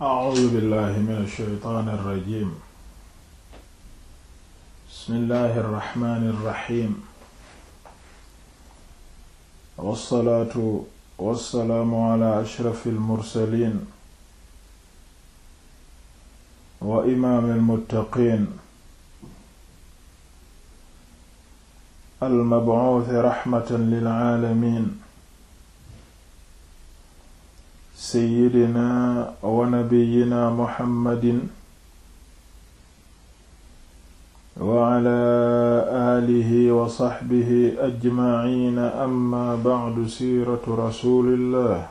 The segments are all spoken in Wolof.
A'uuzu billaahi mina shaytaani rajiim bismillaahi rahmaani rahiim wassalaatu wassalaamu alaa ashrafil mursaliin wa imaamil muttaqiin al mab'uusi rahmatan lil aalamiin seyyidina wa nabiyina muhammadin wa ala alihi wa saxbihi ajmaciina amma bacdu siiratu rasulillah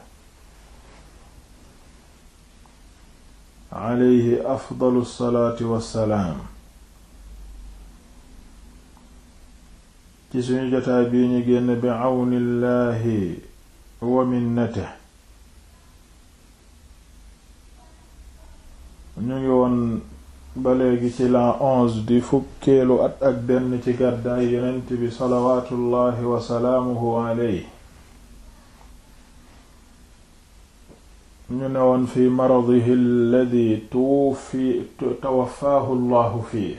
alayhi afdalu salaati wassalaam ci suñu jotaay bii ñu génn bi cawnillahi wa minnatihi ñu ngi woon ba léegi ci la onze di fukkeelu at ak benn ci gàddaay yonent bi salawaatullaahi wa salaamuhu alayhi ñu ne woon fi maradihi alladi tuwfi tawafaahu llahu fii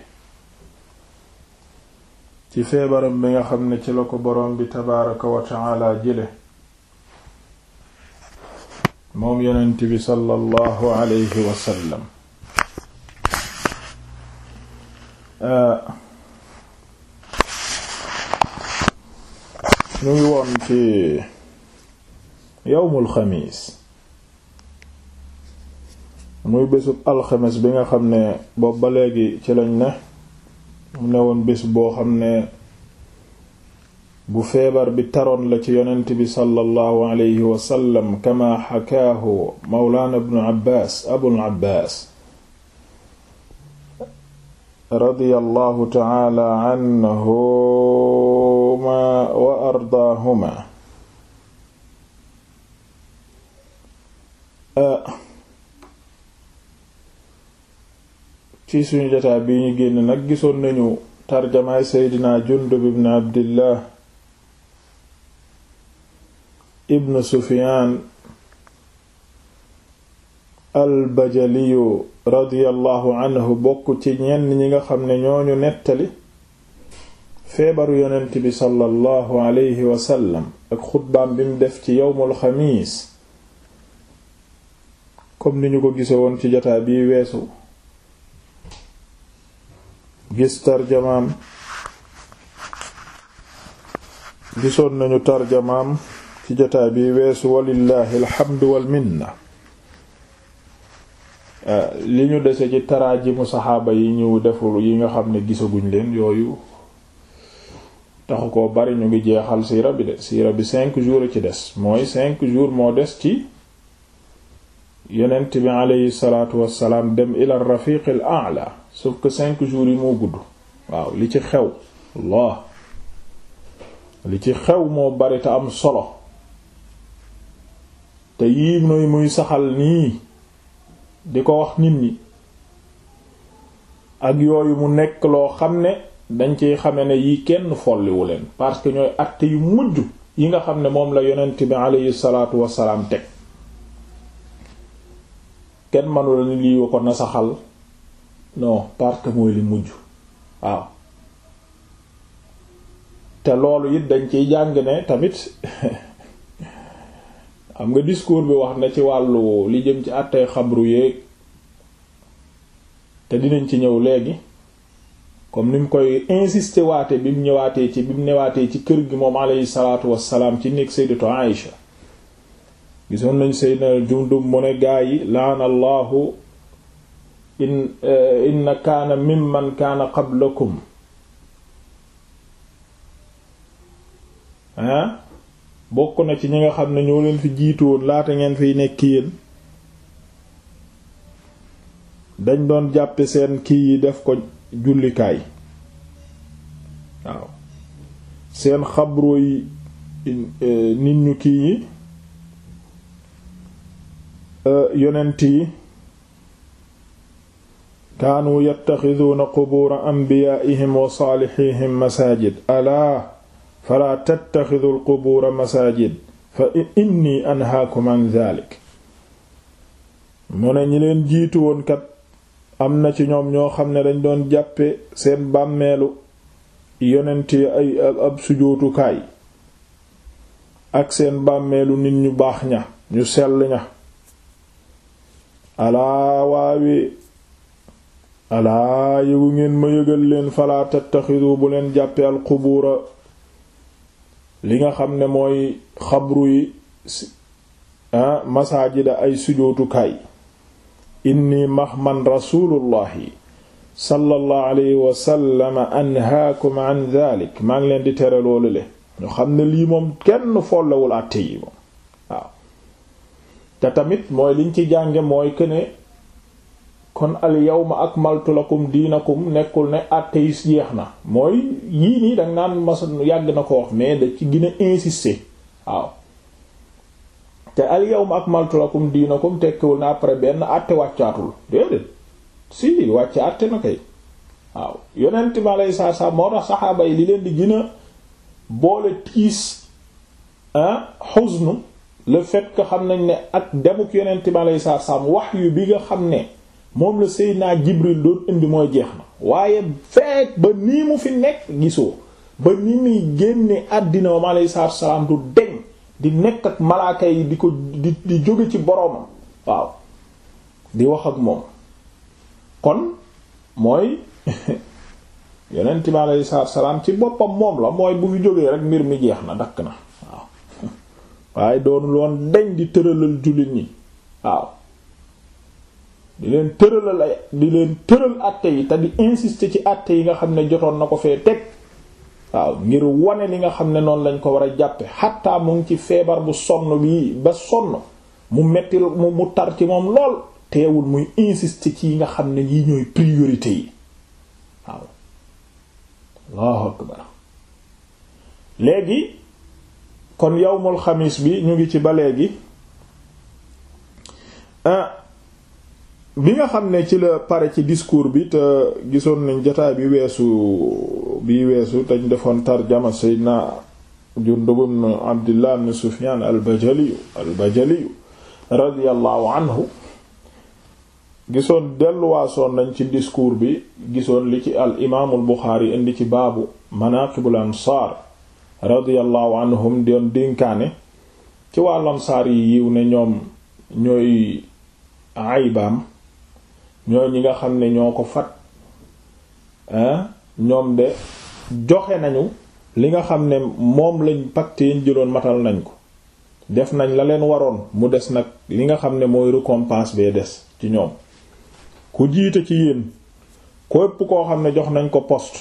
ci feebaram bi nga xam ne ci la ko boroom bi tabaaraka wa taala jële moom yeneen bi sallallahu alayhi wa sallam ñu ngi woon ci yawmul xamiis muy bésub alxames bi nga xam ne boobu ba léegi ci lañ ne mu ne woon bés boo xam ne bu feebar bi taroon la ci yonent bi sallallahu alayhi wa sallam kama xakaahu mawlaana ibnu abbaas abul abbaas radiyallahu ta'ala anhuma wa ardaahuma ah. ci suñu jataa bi ñu génn nag gisoon nañu tarjamaay seydina jundub ibn abdillah ibn sufiyaan al bajaliyu radiyallahu anhu bokk ci ñenn ñi nga xam ne ñoo ñu nettali feebaru yonent bi sallallahu alayhi wasallam ak xutbaam bi mu def ci yowmul xamiis comme ni ñu ko gise woon ci jotaay bi weesu gis tarjamaam gisoon nañu tarjamaam ci jotaay bi weesu walillahi alhamdu wal li ñu dese ci taraajimu saxaaba yi ñu deful yi nga xam ne gisaguñ leen yooyu taxu ko bari ñu ngi jeexal siira bi de siira bi cinq jours ci des mooy cinq jours moo des ci yonent bi aleyhi salaatu wassalaam dem ila rafiq al a'la sauf que cinq jours yi moo gudd waaw li ci xew Allah li ci xew moo bari te am solo te yii nooy muy saxal nii di ko wax nit ñi ak yooyu mu nekk loo xam ne dañ ciy xame ne yi kenn folliwu leen parce que ñooy acte yu mujj yi nga xam ne moom la yonent bi aleyhi salaatu wasalaam teg kenn manu la ni lii wa ko nasaxal non parce mooy li mujj waaw te loolu it dañ ciy jàng ne tamit xam nga discours bi wax na ci wàllu li jëm ci àttee xabru yéeg te dinañ ci ñëw léegi comme ni mu koy insister waate bi mu ñëwaatee ci mu newaatee ci kër gi moom alayhi salaatu wassalaam ci néeg sayyidatu Aïsha gisoon nañ sayyidna Jundub mu ne gaa yi laana allahu in eh, inna kaana mimman kaana qablakum ah bokk na ci ñi nga xam ne ñoo leen fi jiitu woon laata ngeen fiy nekk yéen dañ doon jàppe seen kii yi def ko jullikaay seen xabro yi e, nit ñu kii yi e, yonent yi kaanu yattaxiduuna qubura anbiyaa'ihim wa saalihihim masaajid alaa falaa tattaxidu alqubuura masaajid fa inni anhaakum an dhalik mu ne ñi leen jiitu woon am na ci ñoom ñoo xam ne dañ doon jàppe seen bàmmeelu yonent yi ay ab sujootukaay ak seen bàmmeelu nit ñu baax ña ñu sell ña alaa waawe alaa yëgu ngeen ma yëgal leen falaa tattaxidu bu leen jàppe alqubuura li nga xam ne mooy xabru yi ah, masaajida ay sujootukaay inni mahman rasulullahi sallallahu alayhi wasallam anhaakum an dhalik maa ngi leen di tere loolu le ñu xam ne lii moom kenn follewul àtte yi moom te tamit mooy liñ ci jànge mooy këne kon al yawma akmaltu lakum diinakum nekkul ne atteis jeex na mooy yii nii danga naan mas yàgg na ko wax mais da ci gën a insister waaw te al yawma akmaltu lakum diinakum tekkiwul na après benn atte wàccaatul déedéet si wàcce atte na kay waaw yonent bi aleyhi salaatu salaam moo tax saxaaba yi li leen di gina boole tiis xusnu le fait xam nañ ne ak demuk yonent bi aleyhi salaatu salaam wax yu bi nga xam ne moom la Seydina Jibril doon indi mooy jeex na waaye feet ba nii mu fi nekk gisoo ba ni muy génne àddina wam alayhi salaam du deñ di nekk ak malaaka yi di ko di di jóge ci boroomam waaw di wax ak moom kon mooy yonent bi alayhi ci boppam moom la mooy bu fi jógee rek mbir mi jeex na dakk na waaw waaye doonul woon deñ di tëralal jullit ñi waaw di leen tëralal ay di leen tëral àtte yi te di insister ci àtte yi nga xam ne jotoon na ko fee teg waaw ngir wane li nga xam ne noonu lañ ko war a jàppe xattaa mu ngi ci feebar bu sonn bi ba sonn mu metti mu tar ci moom lool teewul muy insister ci yi nga xam ne yi ñooy priorité yi waaw allahu akbar léegi kon yawmul xamis bi ñu ngi ci ba léegi ah, bi nga xam ne ci la pare ci discours bi te gisoon nañ jotaay bi weesu bi weesu tañ defoon tarjama Seydina Jundub ibn Abdillah ibn Sufyan al al-Bajali radiyallahu anhu gisoon delluwaasoon nañ ci discours bi gisoon li ci al imaamul Buxaari indi ci baabu manaqibul ansaar radiyallahu anhum doon dénkaane ci wàllam saar yi yiw ne ñoom ñooy aybaam ñooy ñi nga xam ne ñoo ko fat ñoom de joxe nañu li nga xam ne moom lañ pacte yañ jëloon matal nañ ko def nañ la leen waroon mu des nag li nga xam ne mooy récompense bee des ci ñoom ku jiite ci yéen képp koo xam ne jox nañ ko poste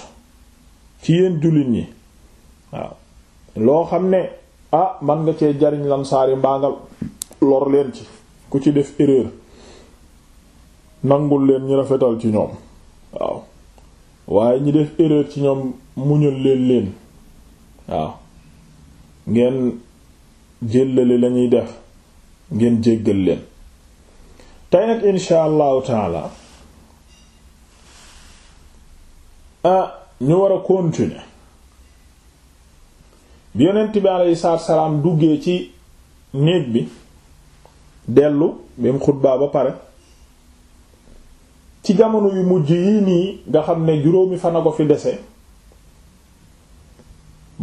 ci yéen jullit ñi waaw loo xam ne ah man nga cee jariñ lamsaari mbaa nga lor leen ci ku ci def erreur nangul leen ñi rafetal ci ñoom waaw waaye ñi def erreur ci ñoom muñal leen leen waaw ngeen jéllale lañuy def ngeen jéggal leen tey nag insha allahu taala ñu war a continuer bi yonent bi aleyhi salaatu salaam duggee ci néeg bi dellu bi mu xutbaa ba pare ci jamono yu mujj yi nii nga xam ne juróomi fan a ko fi dese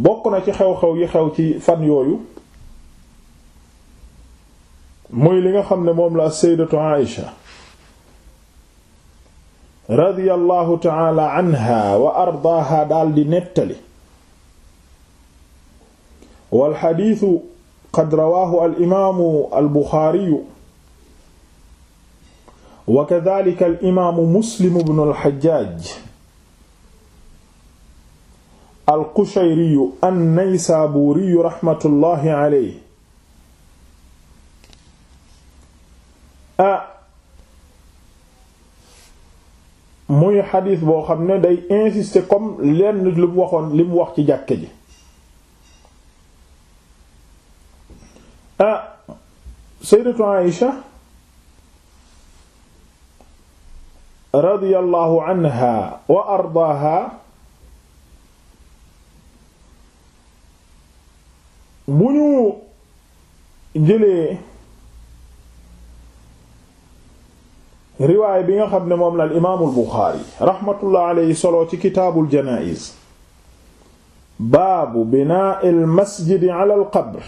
bokk na ci xew-xew yi xew ci fan yooyu muy li nga xam ne moom la sayyidatu Aïsha radiyallahu ta'ala anha wa ardaaha daldi nettali wal xadiisu qad rawaahu al imaamu al buxaariyu wa kadhalika al imaamu muslim ibnu al-Hajjaj al-Qushayriyu an-Naysaburiyu raxmatullahi alayhi ah muy xadiis boo xam ne day insister comme lenn li mu waxoon li mu wax ci jàkke ji ah sayyidatu Aïsha radiyallahu anha wa ardaaha bu ñu jëlee riwaay bi nga xam ne moom la al imaamul buxaari raxmatullah alayhi solo ci kitaabul janaa'iz baabu binaa'il masjidi alal qabr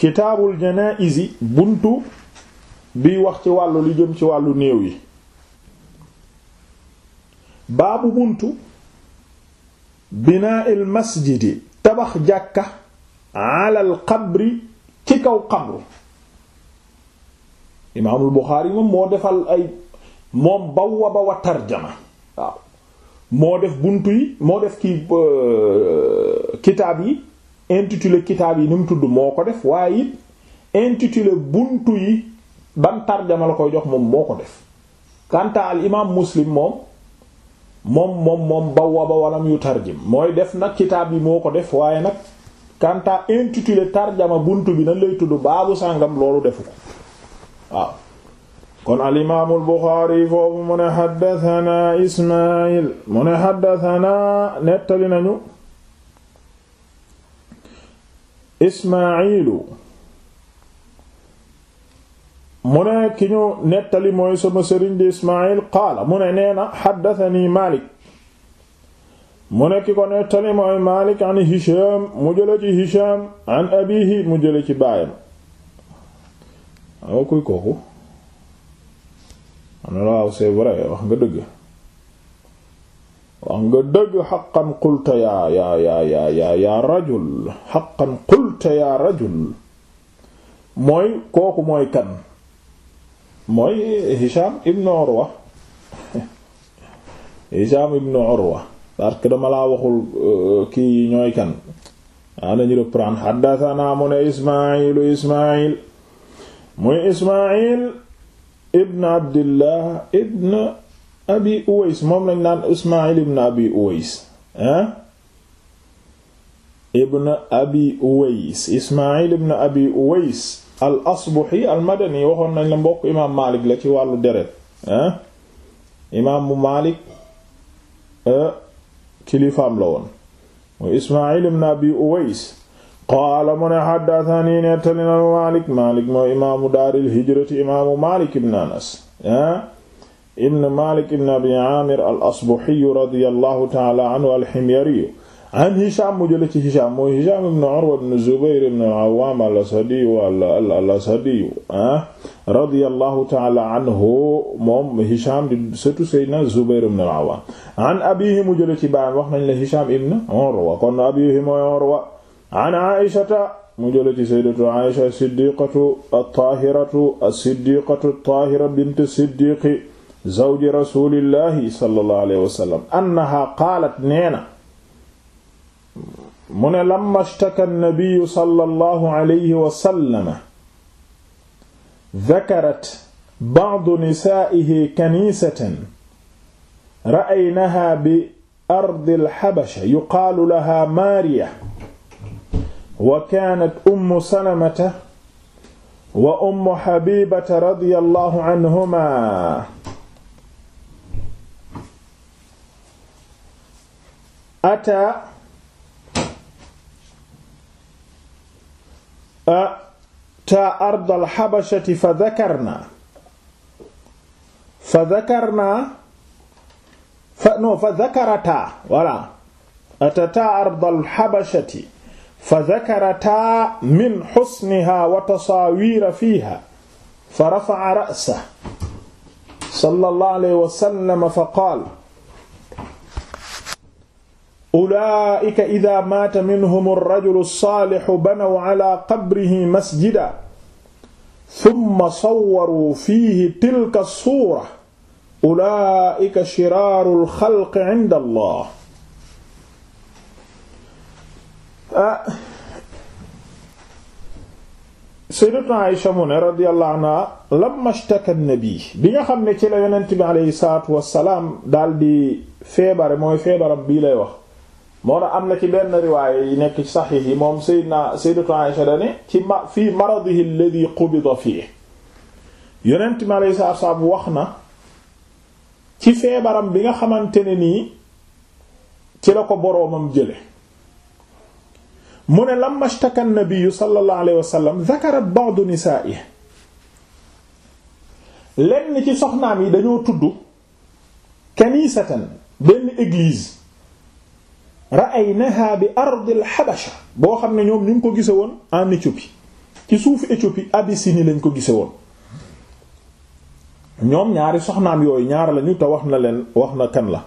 kitaabul janaa'izi buntu biy wax ci wàllu li jëm ci wàllu néew yi baabu buntu binaa il masjidi tabax jàkka alal xabri ci kaw xabru imaamul Buxaari moom moo defal ay moom bawwa ba wa tarjama waaw moo def buntu yi moo def ki euh, kitaab yi intitulé kitaab yi ni mu tudd moo ko def waaye it intitulé buntu yi ban tarjama la koy jox moom moo ko def kanta al imaam muslim moom moom moom moom bawwaba walam yu tarjim mooy def nag kitaab bi moo ko def waaye nag kanta intitulé tarjama bunt bi nan lay tudd baabu sàngam loolu defu ko waaw kon al imaamu al foofu mu ne xaddatanaa ismail mu ne xaddatanaa nettali nañu ismailu mu ne ki ñu nettali mooy sama sëriñ di Ismaayil qaala mu ne nee na xaddatani Maalik mu ne ki ko nettali mooy Maalik an Hisham mu jële ci Hisham an abiihi mu jële ci baayam waaw kuy kooku man waaw c'est vrai wax nga dëgg wax nga dëgg xaqan qulta yaa yaa yaa yaa yaa yaa rajul xaqan qulta yaa rajul mooy kooku mooy kan mooy Hisham ibn Urwa Hisham ibn Urwa parce que dama laa waxul euh, kii ñooy kan waa ah, nañu reprendre xaddathana mu ne ismailu ismail muy ismail ibn abdillah ibn abi uwais moom lañ naan ismail ibn abi uwais hein ibn abi uwais al asbuhi al madani waxoon nañ la mbokk imaam Malik la ci wàllu deret ah imaam bu Malik euh, kilifaam la woon mooy Ismaïl ibn Abi Uways qaala mu ne haddathani nettali na Malik Malik mooy imaamu daaril hijrati imaamu Malik ibn Anas ah ibn Malik ibn Abi Amir al asbuhi radiyallahu ta'ala anhu al himyari an Hisham mu jële ci Hisham mooy Hisham ibn Urwa ibn Zubayr ibn Awwam al-Asadi wala al-Asadi ah radiyallahu ta'ala anhu moom Hisham di surtout Seydina Zubayr ibn Awwam an abihi mu jële ci baayam wax nañ la Hisham ibn Urwa kon abihi mooy Urwa an Aishata mu jële ci sayyidatu Aisha as-Siddiqatu at-Tahiratu as-Siddiqatu at-Tahira bint as-Siddiq zawji rasulillahi sallallahu alayhi wa sallam annaha qalat neena mu ne lamma shtaka an-nabiy sallallahu alayhi wa sallam dhakarat ba'du nisaa'ihi kanisatan ra'aynaha bi ardi al-habasha yuqaalu laha maariya wa kaanat ummu salamata wa ummu habibata radiyallahu anhuma ata ta ard alxabashati fa dakarna fa dakarna fa non fa dakarata voilà atata ard alxabashati fa dakarata min xusniha wa tasaawiira fiiha fa rafaca ra'sahu sallallahu alayhi wa sallam fa qaala ulaa'ika idaa maata minhum ar-rajulu as-saalihu banaw ala qabrihi masjidan thumma sawwaruu fiihi tilka as-suura ulaa'ika shiraaru al-xalqi inda Allah sayyidatuna Aysha mu ne radiyallahu anha lamma shtaka an-nabi bi nga xam ne ci la yonent bi alayhi salaatu wa salaam daal di feebare mooy feebaram bii lay wax moo tax am na ci benn riwaaya yi nekk ci saxiix yi moom Seydina Sayyidatu Aisha dane ci ma fii maradihi alladhi qubida fihi yonent mi alayhi wax na ci feebaram bi nga xamante ne nii ci la ko boroomam jële mu ne lamma ishtaka an-nabiyyu sallallahu alayhi wa sallam dhakara ba'du nisaa'ihi ci soxnaam yi dañoo tudd kanisatan benn église ra'aynaha bi ardil habasha boo xam ne ñoom ñu ngi ko gise woon en Éthiopie ci suufu Éthiopie Abyssinie lañ ko gisee woon ñoom ñaari soxnaan yooyu ñaar lañu te wax na leen wax na kan la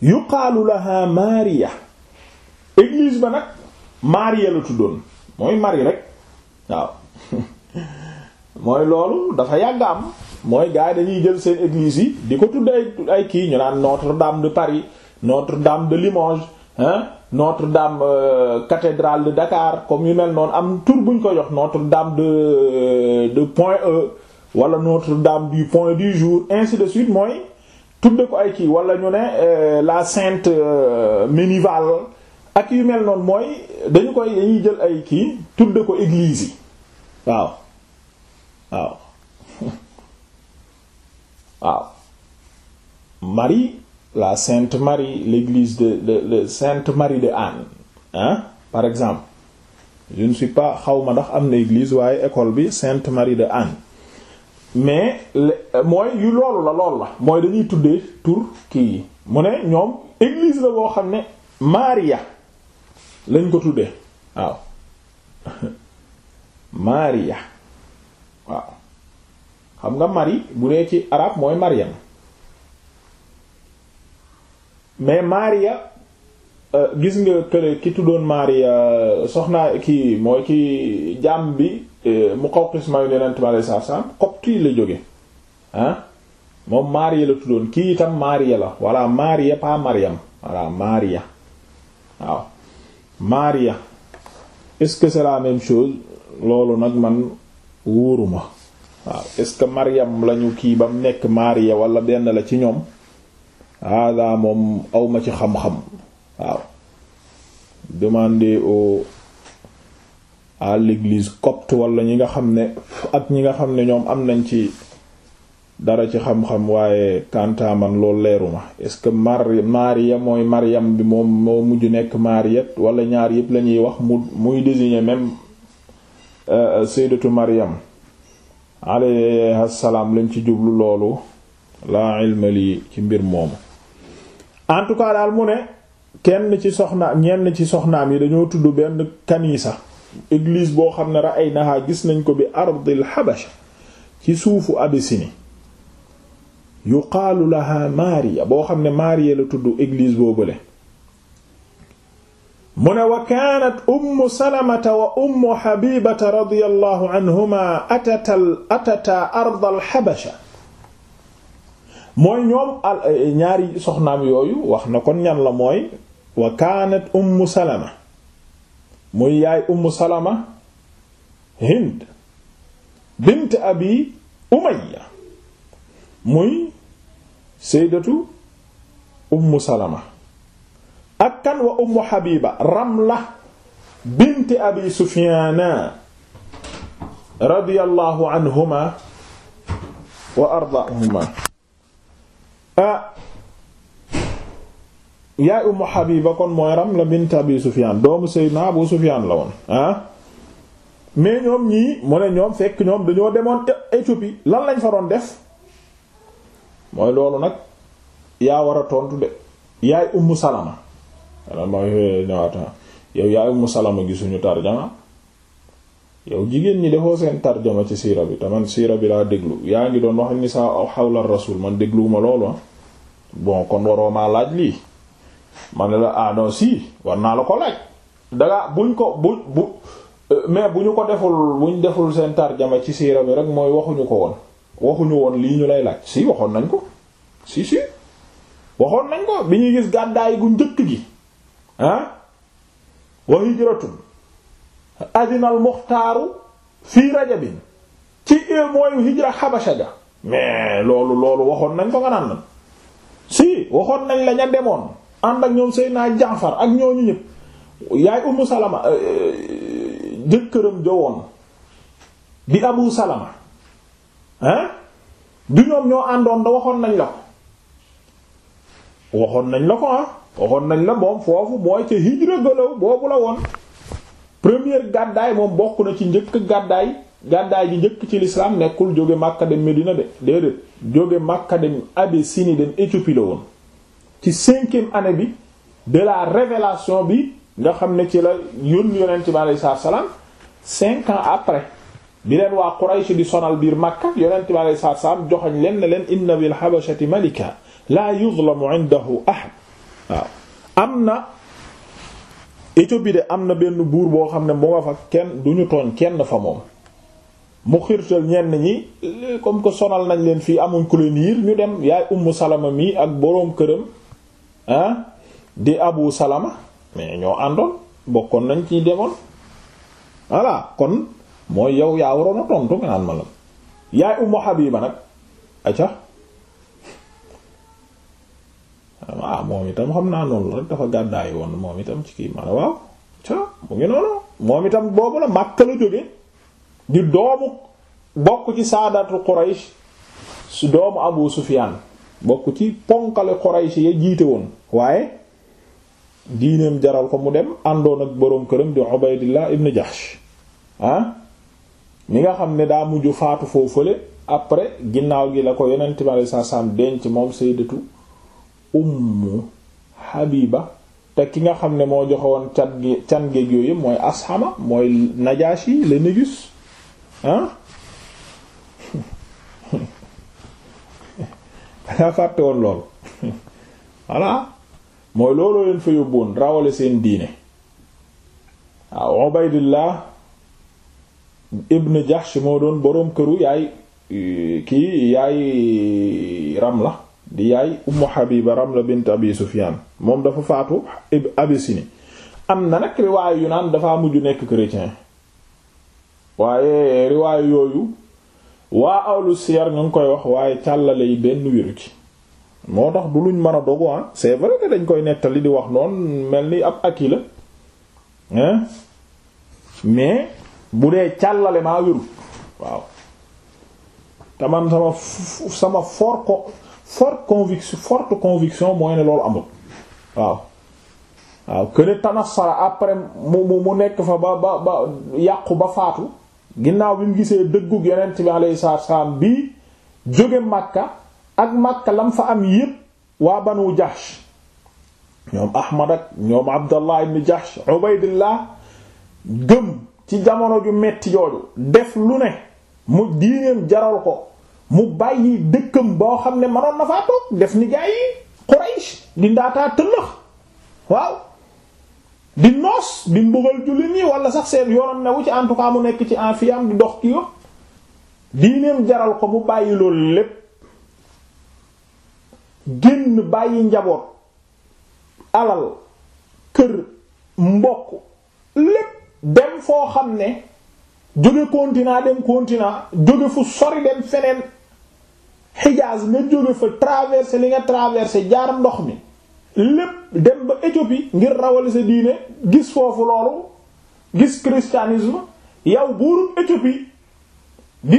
yuqaalu laha Maria église ba nag Maria la tuddoon mooy Marie rek waaw mooy loolu dafa yàgg am mooy gars dañuy jël seen église yi di ko tudd ay ay kii ñu naan Notre-Dame de Paris Notre-Dame de Limoges hein Notre-Dame euh, cathédrale de Dakar comme yu mel noonu am tur buñ ko jox Notre-Dame de euh, de Point E wala Notre-Dame du Point du Jour ainsi de suite mooy tudde ko ay kii wala ñu ne euh, la Sainte Ménival ak yu mel noonu mooy dañu koy dañuy jël ay kii tudde ko église yi waaw waaw waaw la Sainte Marie l'église de de de Sainte Marie de Anne hein par exemple je ne suis pas ma ndax am na église waaye école bi Sainte Marie de Anne mais mooy yu loolu la loolu la mooy dañuy tuddee tur kii yi mu ne ñoom église la boo xam ne Maria lañ ko tuddee waaw Maria waaw xam nga Marie bu dee ci arabe mooy Mariam mais Maria euh, gis nga kële ki tuddoon Maria euh, soxnaa kii mooy ki jaam bi euh, Muqawqis mayu yonent bi alayhi salaam copte yi la jóge ah moom Maria la tuddoon kii itam Maria la voilà Maria pas Mariam voilà Maria waaw Maria est-ce que c'est la même chose loolu nag man wóoruma waaw est-ce que Mariam lañu kii ba mu nekk Maria wala benn la ci ñoom hada moom awma ci xam-xam waaw demander au à copte wala ñi nga xam ne ak ñi nga xam ne ñoom am nañ ci dara ci xam-xam waaye kantaaman loolu leeru ma est-ce que mar Mariam bi moom moo mujj nekk Mariette wala ñaar yëpp lañuy wax mu muy désigner même euh, sayyidatu Mariam alayha salaam lañ ci jublu loolu laa ilma ci mbir moomu en tout cas daal mu ne kenn ci soxna ñenn ci soxnaam yi dañoo tudd benn kanisa église boo xam ne ra'aynaha gis nañ ko bi ardil habasha ci suufu abisini yuqaalu laha maariya boo xam ne maariya la tudd église boobule mu ne wa kaanat ummu salamata wa ummu habibata radiyallahu anhuma atata atata ardal habasha mooy ñoom eh, eh, ñaari soxnaam yooyu wax na ko ñan la mooy wa kaanat ummu salama muy yaay ummu salama hind bint abi umayya muy saydatu ummu salama ak wa ummu habiba ramla bint abi sufyaana radiyallahu anhuma wa ardaahuma Ah. yaay Ummu Habiba kon mooy Ramla bint Abi Sufyaan doomu naa Abu Sufyaan la woon ah mais ñoom ñii mu ne ñoom fekk ñoom dañoo demoon Éthiopie lan lañ fa doon def mooy loolu nag yaa war a tontu de yaay Ummu Salama. wala mooy ñëwaat yow yaay Ummu Salama gisuñu tarjama yow jigéen ñi defoo seen tarjama ci siira bi te man siira bi laa déglu yaa ngi doon wax ni sa xawla rasul man dégluwuma loolu ah bon kon waroo ma laaj lii ma la ah non war naa la ko laaj dangaa buñ ko bu bu euh, mais bu ñu ko deful buñ deful seen tarjama ci siira bi rek mooy waxuñu ko woon waxuñu woon lii ñu lay laaj si waxoon nañ ko si si waxoon nañ ko bi ñuy gis gàddaay gu njëkk gi ah wa hijratun adinal muxtaaru fii rajabin ci mooy hijra xabasha ga mais loolu loolu waxoon nañ ko nga naan lan si waxoon nañ la ña demoon ànd ak ñoom seenaa Jaafar ak ñooñu ñëpp yaay Ummu Salama euh, jëkkëram jowoon bi Abu Salama hein du ñoom ñoo àndoon da waxoon nañ la ko waxoon nañ la ko ah waxoon nañ la moom foofu mooy ca hijra gëlaw boobu la woon première gàddaay moom bokk na ci njëkk gàddaay gàddaay ji njëkk ci l'islam nekkul jóge Makka dem Medina de déedéet jóge Makka dem Abyssinie dem Éthiopie la woon ci cinquième année bi de la révélation bi nga xam ne ci la yónni yonent bi alayhi salaam cinq ans après bi leen waa Quraysh di sonal biir Makka yonent bi alayhi salaam joxoñ leen ne leen inna bil habashati malika la yuzlamu indahu ahad waaw am na Éthiopie de am na benn buur boo xam ne mu nga fa kenn duñu tooñ kenn fa moom mu xirtal ñenn ñi comme que sonal nañ leen fii amuñ ku leen yiir ñu dem yaay ummu salama mii ak boroom këram ah, di abu salama mais ñoo àndoon bokkoon nañ ci demoon voilà kon mooy yow yaa waroon a tontu nga naan ma la yaay ummu habiba nag acca ah moom itam xam naa noonu la rek dafa gàddaay woon moom itam ci kii ma ne waaw ca mu ngi noonu moom itam boobu la Makka la jóge di doomu bokk ci saadatu Quraysh su doomu Abu Sufyaan bokk ci ponkale Quraysh ya jiite woon waaye diineem jaral ko mu dem àndoon ak boroom këram di Ubaydillah ibn Jahsh ah nga xam ne daa mujj faatu foofu fële après ginnaaw gi la ko yonent bi sallallahu alayhi wasallam denc moom sayyidatu ummu habiba te ki nga xam ne moo joxe woon can gi yooyu mooy ashama mooy najashi le négus ah dangaa fàtte woon loolu voilà mooy looloo leen fa yóbboon rawale seen diine waaw ah, Ubaydillah ibn Jahsh moo doon boroom këru yaay kii yaay la di yaay ummu Habiba Ramla bint Abi Sufyan moom dafa faatu Abisini am na nag riwaayu yu naan dafa mujj nekk chrétien waaye riwaayu yooyu waa awlu siyar ñu ngi koy wax waaye càllale yi benn wéru ci moo tax du luñ mën a dogu ah c'est dañ koy nettali di wax noon mel ni ab aki la mais bu dee càllale maa wéru waaw taman sama sama for ko forte conviction forte conviction mooy ne loolu amul waaw waaw que ne après mu mu mu nekk fa ba ba ba yàqu ba faatu ginnaaw bi mu gisee dëggu yonent bi alayhi salaatu salaam bii jóge Makka ak Makka lam fa am yépp waa wu Jahsh ñoom Ahmad ak ñoom Abdallah ibn Jahsh Ubaydillah gëm ci jamono ju metti jooju def lu ne mu diineem jaral ko mu bàyyi dëkkam boo xam ne manoon na faa toog def ni gaa yi di ndaataa tëllëx waaw di noos di mbugal jullit ñi wala sax seen yoonam newu ci en tout cas mu nekk ci en fiam di dox ki yëpp diineem jaral ko mu bàyyi loolu lépp génn bàyyi njaboot alal kër mbokk lépp dem foo xam ne jóge continent dem continent jóge fu sori dem feneen Hijaz nga jóge fa traversé li nga traversé jaar ndox mi lépp dem ba Éthiopie ngir rawale sa diine gis foofu loolu gis christianisme yow buurub Éthiopie di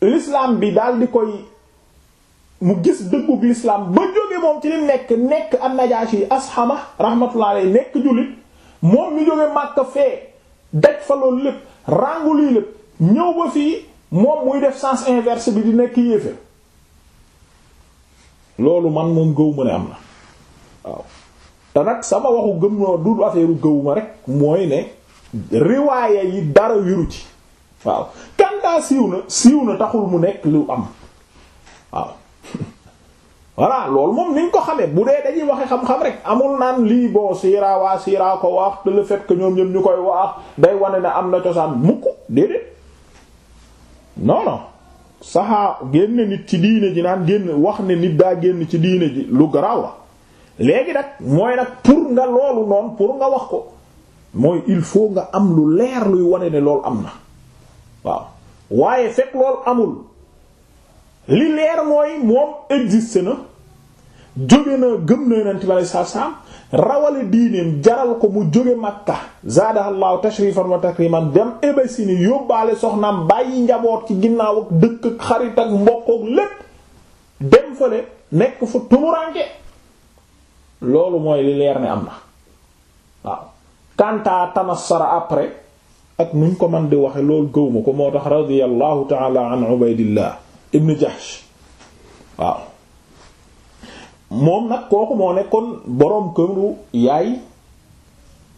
l'islam bi daal di koy mu gis dëggug l'islam ba jóge moom ci li nekk nekk am Najaasi asxama rahmatullah alayhi nekk jullit moom mi jóge Makka fee daj fa loolu lépp rangu lii lépp ñëw ba fii moom muy def sens inverse bi di nekk yéeféer loolu man moom gëw ma ne am na waaw te nag sama waxu gëm noo du affaire gëw ma rek mooy ne riwaaya yi dara wiru ci waaw kandaa siiw na siiw na taxul mu nekk lu am waaw voilà loolu moom niñ ko xamee bu dee dañuy waxe xam-xam rek amul naan lii boo siiraa siiraa ko wax te le fait ñoom ñoom ñu koy wax day wane ne am na cosaan mukk déedéet non saxaa génn nit ci diine ji naan génn wax ne nit daa génn ci diine ji lu garaaw la léegi nag mooy nag pour nga loolu noonu pour nga wax ko mooy il faut nga am lu leer luy wane ne lool am na waaw waaye fekk loolu amul li leer mooy moom existe na jóge na gëm na yonent bi sallallahu alayhi rawale diineem jaral ko mu jóge makka zaadahallaahu tashrifan wa takriman dem ebasini yóbbaale soxnaam bàyyi njaboot ci ginnaaw ak dëkk ak xarit ak mbokk lépp dem fële nekk fu tumuranke loolu mooy li leer ni am na waaw kantaa tanassara après ak ñu ko man di waxe loolu gëwma ko moo tax radiyallahu taala an ubaydillah ibn jahsh waaw moom nag kooku moo nekkoon boroom këru yaay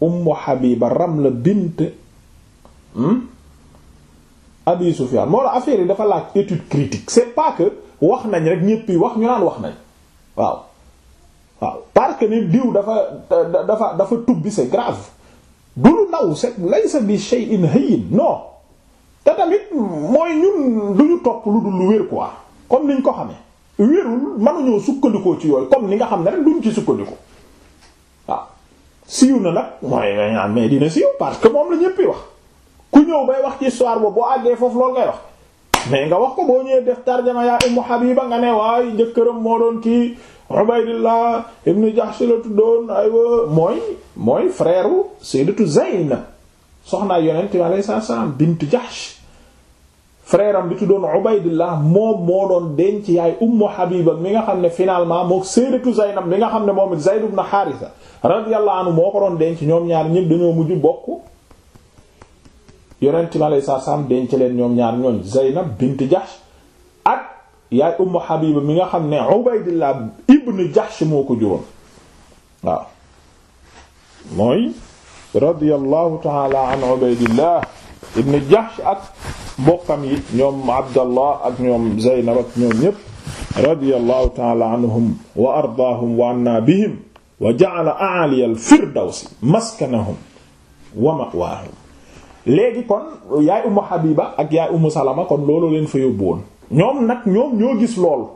ummu habiba ramla bint hmm, abi sufyan moo la affaire yi dafa laaj étude critique c'est pas que wax nañ rek ñépp wax ñu naan wax nañ waaw waaw ni diw dafa dafa dafa tubbi c'est grave du lu ndaw c'est laysa bi shay'in hayyin non te tamit mooy ñun duñu topp lu dul lu wér quoi comme niñ ko xamee wérul mënuñoo sukkandikoo ci yooyu comme ni nga xam ne rek ñu ci sukkandiku waaw siiw na nag mooy dañ naan mais dina siiw parce que moom la ñëpp wax ku ñëw bay wax ci histoire boobu boo àggee foofu loolu ngay wax mais nga wax ko boo ñëwee def tarjama yaa Ummu Habiba nga ne waaye jëkkëram moo doon kii Ubaydillah ibn Jahsh la tuddoon aywa mooy mooy frère u Sayyidatu Zaynab soxnaa yonent bi alayhi salaam bint Jahsh frère am bi tuddoon Ubaydillah moom moo doon denc yaay Ummu Habiba mi nga xam ne finalement moo Sayyidatu Zaynab mi nga xam ne moom it Zayd ibn Haarisa radiyallahu moo ko doon denc ñoom ñaar ñëpp dañoo mujj bokk yonent mi alayhi salaam denc leen ñoom ñaar ñoon Zaynab bint Jahsh ak yaay Ummu Habiba mi nga xam ne Ubaydillah ibn Jahsh moo ko juróon waaw mooy radiyallahu ta'ala an Ubaydillah ibn Jahsh ak mbokkam yi ñoom Abdallah ak ñoom Zaynab ak ñoom ñépp radiyallahu ta'ala anhum wa ardaahum wa anna bihim wa ja'ala a'aliya al-firdawsi maskanahum wa ma'waahum léegi kon yaay Ummu Habiba ak yaay Ummu Salama kon loolu leen fa yóbbu ñoom nag ñoom ñoo gis lool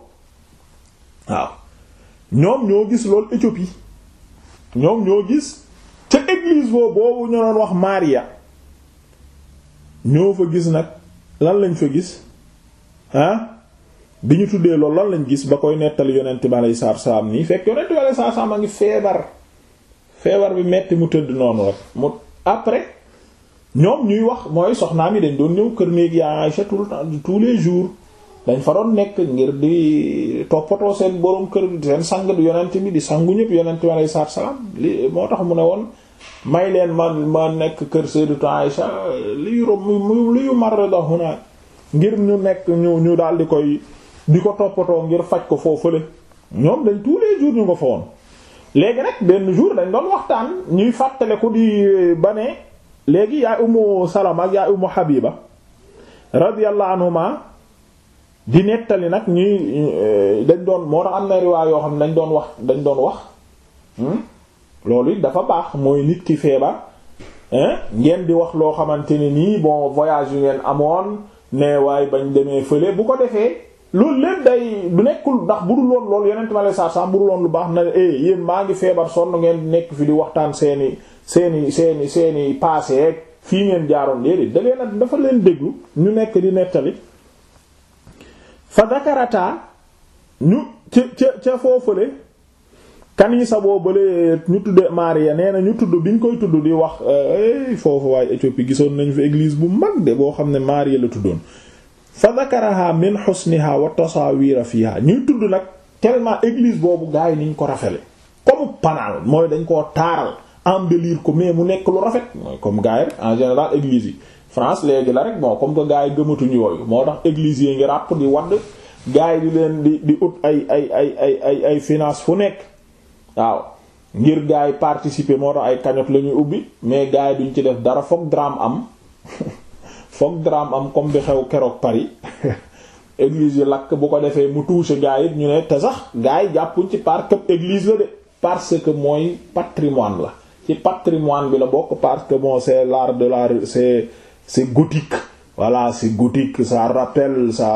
waaw ñoom ñoo gis lool Éthiopie ñoom ñoo gis ca église boobu ñu doon wax Maria ñoo fa gis nag lan lañ fa gis ah bi ñu tuddee loolu lan lañ gis ba koy nettali yonent bi aleyhi salaatu salaam nii fekk yonent bi aleyhi salaam a ngi feebar feebar bi metti mu tëdd noonu rek mu après ñoom ñuy wax mooy soxnaam yi dañ doon ñëw kër néeg yaa Aïcha tout tous les jours dañ fa doon nekk ngir di toppatoo seen borom kër seen sang du yonent bi di sangu ñëpp yonent bi aleyhi salaatu salaam moo tax mu ne woon may leen ma ma nekk kër Sayyidatu Aïsha li rom liyu marrada huna ngir ñu nekk ñu ñu daal koy di ko toppatoo ngir faj ko foofule ñoom dañ tous les ñu nga fa woon léegi nag benn jour dañ doon waxtaan ñuy fàttale fàttaleku di ba ne léegi yaay Ummu Salama ak yaay Ummu Habiba radiyallahu anhuma di nettali nag ñuy eh, dañ doon moo tax am na riwaay yoo xam ne dañ doon wax dañ doon wax hmm? loolu it dafa baax mooy nit ki feebar ngeen di wax loo xamante ne nii bon voyage yu ngeen amoon ne waaye bañ demee fële bu ko defee loolu lépp day du nekkul ndax bu dul woon loolu yeneen ma la saa bu dul woon lu baax na eh yéen maa ngi feebar sonn ngeen nekk fi di waxtaan seeni seeni seeni seeni passé fii ngeen jaaroon déedéet da a dafa leen déglu ñu nekk di nettali fa dakarata ñu ca ca ca foofale kanisa boo bële ñu tuddee Maria nee na ñu tudd bi ñu koy tuddu di wax eh, foofu waaye Éthiopie gisoon nañu fi église bu mag de boo xam ne Maria la tuddoon fa dakaraha min husniha wa tasawira fiha ñuy tudd nag tellement église boobu gars yi niñ ko rafet comme panaal mooy dañ koo taaral embellir ko mais mu nekk lu rafet mooy comme gars rek en général église yi France léegi la rek moo comme que gars yi yooyu moo tax église yi ngi ràpp di wadd gars yi di leen di di ut ay ay ay ay ay ay finance fu nekk waaw ngir gars participer moo tax ay cagnotte lañuy ubbi mais gars yi duñ ci def dara foog drame am foog drame am comme bi xew keroog Paris église yi lakk bu ko defee mu toucher gars yi ñu ne te sax gars yi jàppuñ ci parce que église la de parce que mooy patrimoine la ci patrimoine bi la bokk parce que moo c'est l'art de la c'est c'est gothique voilà c'est gothique ça rappelle ça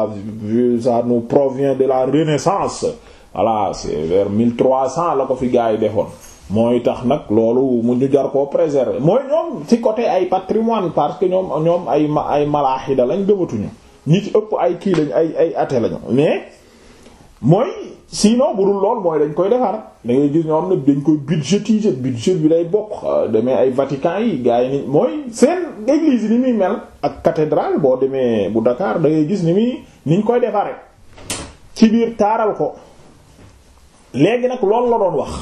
ça provient de la Renaissance voilà c'est vers 1300 la ko fi gars yi defoon mooy tax nag loolu mu ñu jar koo préserver mooy ñoom ci côté ay patrimoine parce que ñoom ñoom ay ma ay malaaxida lañ gëmatuñu ñi ci ëpp ay kii lañ ay ay athée lañu mais mooy sinon bu dul lool mooy dañ koy defar da ngay gis ñoom xam ne dañ koy budgétiser budget bi day bokk demee ay Vatican yi gars yi ni mooy seen église ni muy mel ak cathédrale boo demee bu Dakar da ngay gis ni muy niñ koy defare ci biir taaral ko léegi nag loolu la doon wax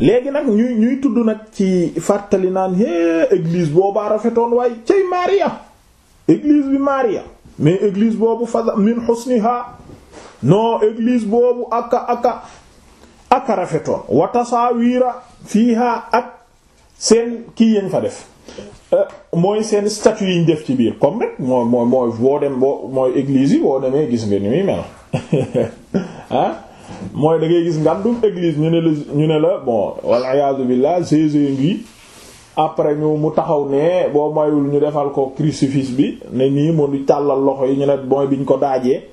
léegi nag ñuy tudd nag ci fàttali naan é église boobaa rafetoon waaye cay Maria église bi Maria mais église boobu fa min husniha non église boobu aka aka aka rafetoon wa fii fiiha ak seen kii yañ fa def euh, mooy seen statue yi ñu def ci biir comme rek mooy mooy mooy boo dem boo mooy église yi boo demee gis nga ni muy mel mooy da ngay gis ngandum église ñu ne la ñu ne la bon walla iyaazu billaah Jésus ngi après ñu mu taxaw ne boo mayul ñu defal ko crucifix bi ne nii mu di tàllal loxo yi ñu ne bi ñu ko daajee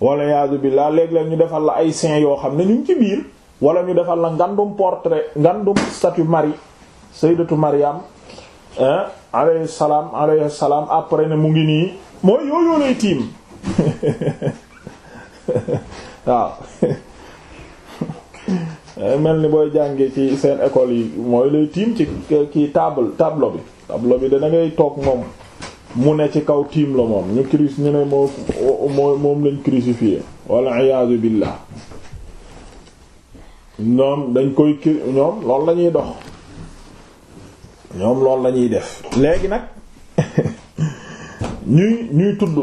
walla iyaazu billaah léeg leen ñu defal la ay saint yoo xam ne ñu ngi ci biir wala ñu defal la ngandum portrait ngandum statue Marie sayyidatu Maryam alayhi salaam alayhi salaam après ne mu ngi nii mooy yooyu tiim waaw Eh, mel ni booy jàngee ci seen école yi mooy lay tiim ci kii table tablo bi tableau bi de ngay toog moom mu ne ci kaw tiim la moom ñu cris ñu ne moo moo moom lañ crucifié walla iyaazu billah ñoom dañ koy cri ñoom loolu lañuy dox ñoom loolu lañuy def léegi nag ñuy ñuy tudd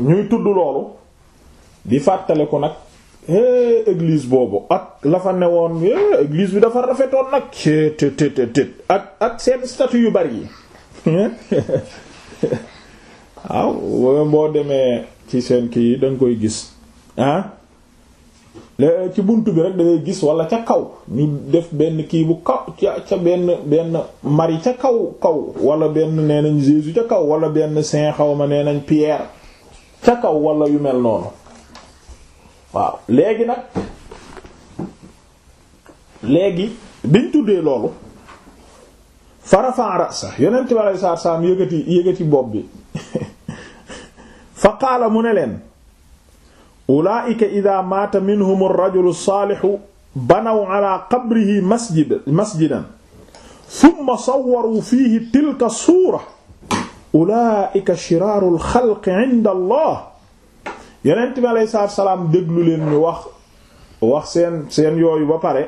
ñuy tudd loolu di fàttaliku nag église boobu ak lafa ne woon newoon église bi dafa rafetoon nag të të ak ak seen statut yu bari yi waaw boo demee ci seen kii da nga koy gis ah ci bunt bi rek da gis wala ca kaw ñu def benn kii bu kaw ca ca benn benn Marie ca kaw kaw wala benn nee nañ Jésus ca kaw wala benn Saint xaw ma nee nañ Pierre ca kaw wala yu mel noonu. waaw léegi nag léegi biñ tuddee loolu farafan rasa yonent bi alei saatu salaam yëgati yëgati bopp bi fa qaala mu ne leen ulaa'ika idha maata minhum ar-rajulu as-saalihu banaw ala qabrihi masjid masjidan thumma sawwaru fihi tilka as-suura ulaa'ika shiraaru al-khalqi 'inda Allah yeneen bi alayhi salaatu salaam déglu leen ñu wax wax seen seen yooyu ba pare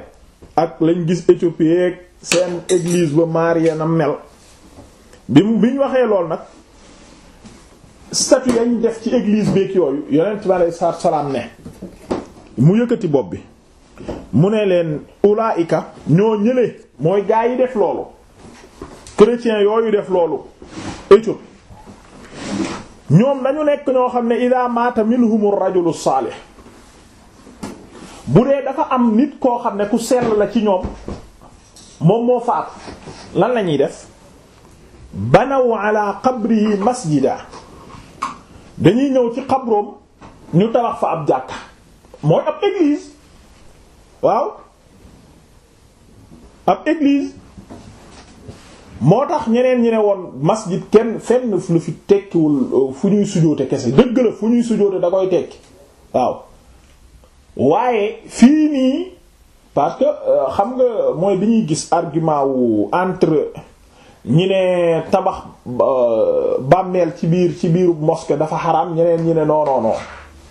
ak lañ gis Éthiopie seen église ba na mel bi mu bi ñu waxee lool nag statue yañ def ci église beeg yooyu yeneen bi alayhi salaatu salaam ne mu yëkkati bopp bi mu ne leen ulaika ñoo ñële mooy gaa yi def loolu chrétiens yooyu def loolu Éthiopie ñoom dañu nekk ñoo xam ne ida mata minhum ar-rajulu saalih bu dee dafa am nit koo xam ne ku sell la ci ñoom moom moo faatu lan la ñuy def banaw ala qabrihi masjida dañuy ñëw ci xabroom ñu tabax fa ab jàkka mooy ab église waaw ab église moo tax ñeneen ñi ne woon masjid kenn fenn lu fi tekkiwul euh, fu ñuy sujoote kese dëgg la fu ñuy sujoote da koy tekki waaw waaye fii nii parce que euh, xam nga mooy bi ñuy gis argument wu entre ñi ne tabax euh, bàmmeel ci biir ci biiru mosquée dafa xaraam ñeneen ñi ne non non non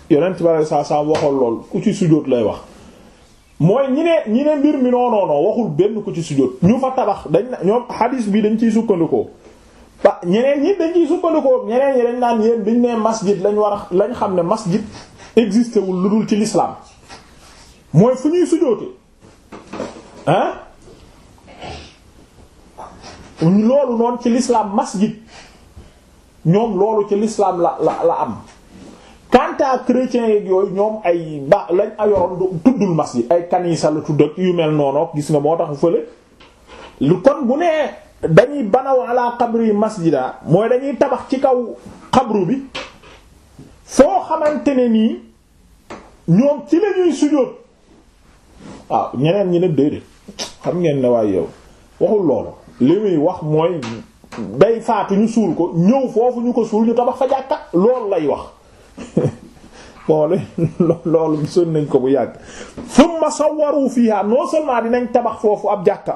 yonent bi sallallahu alayhi waxoon lool ku ci sujoot lay wax. mooy ñine ne ñi ne mbir mi non waxul benn ko ci sujjóot ñu fa tabax dañ ñoom xadiis bi dañ ciy sukkandikoo ba ñeneen ñi dañ ciy sukkandikoo ñeneen ñi dañ naan yéen biñ ne masjid lañ war a lañ xam ne masjid existé wul lu dul ci l'islam mooy fu ñuy sujjóote ah loolu noonu ci l'islam masjid ñoom loolu ci l'islam la la la am. quant à chrétiens yeeg yooyu ñoom ay ba lañ ayoroon tuddul yi ay kanisa la tudd ak yu mel noonu gis nga moo tax fële lu kon bu nee dañuy banaw ala xabri masjida mooy dañuy tabax ci kaw xabru bi foo xamante ne nii ñoom ci la ñuy waaw ah, ñeneen ñi ne déedéet xam ngeen ne waaye yow waxul loolu li muy wax mooy day faatu ñu suul ko ñëw foofu ñu ko suul ñu tabax fa jàkka loolu lay wax. bon loolu gisoon nañ ko bu yàgg thumma sawwaru fiha noo seulement dinañ tabax foofu ab jàkka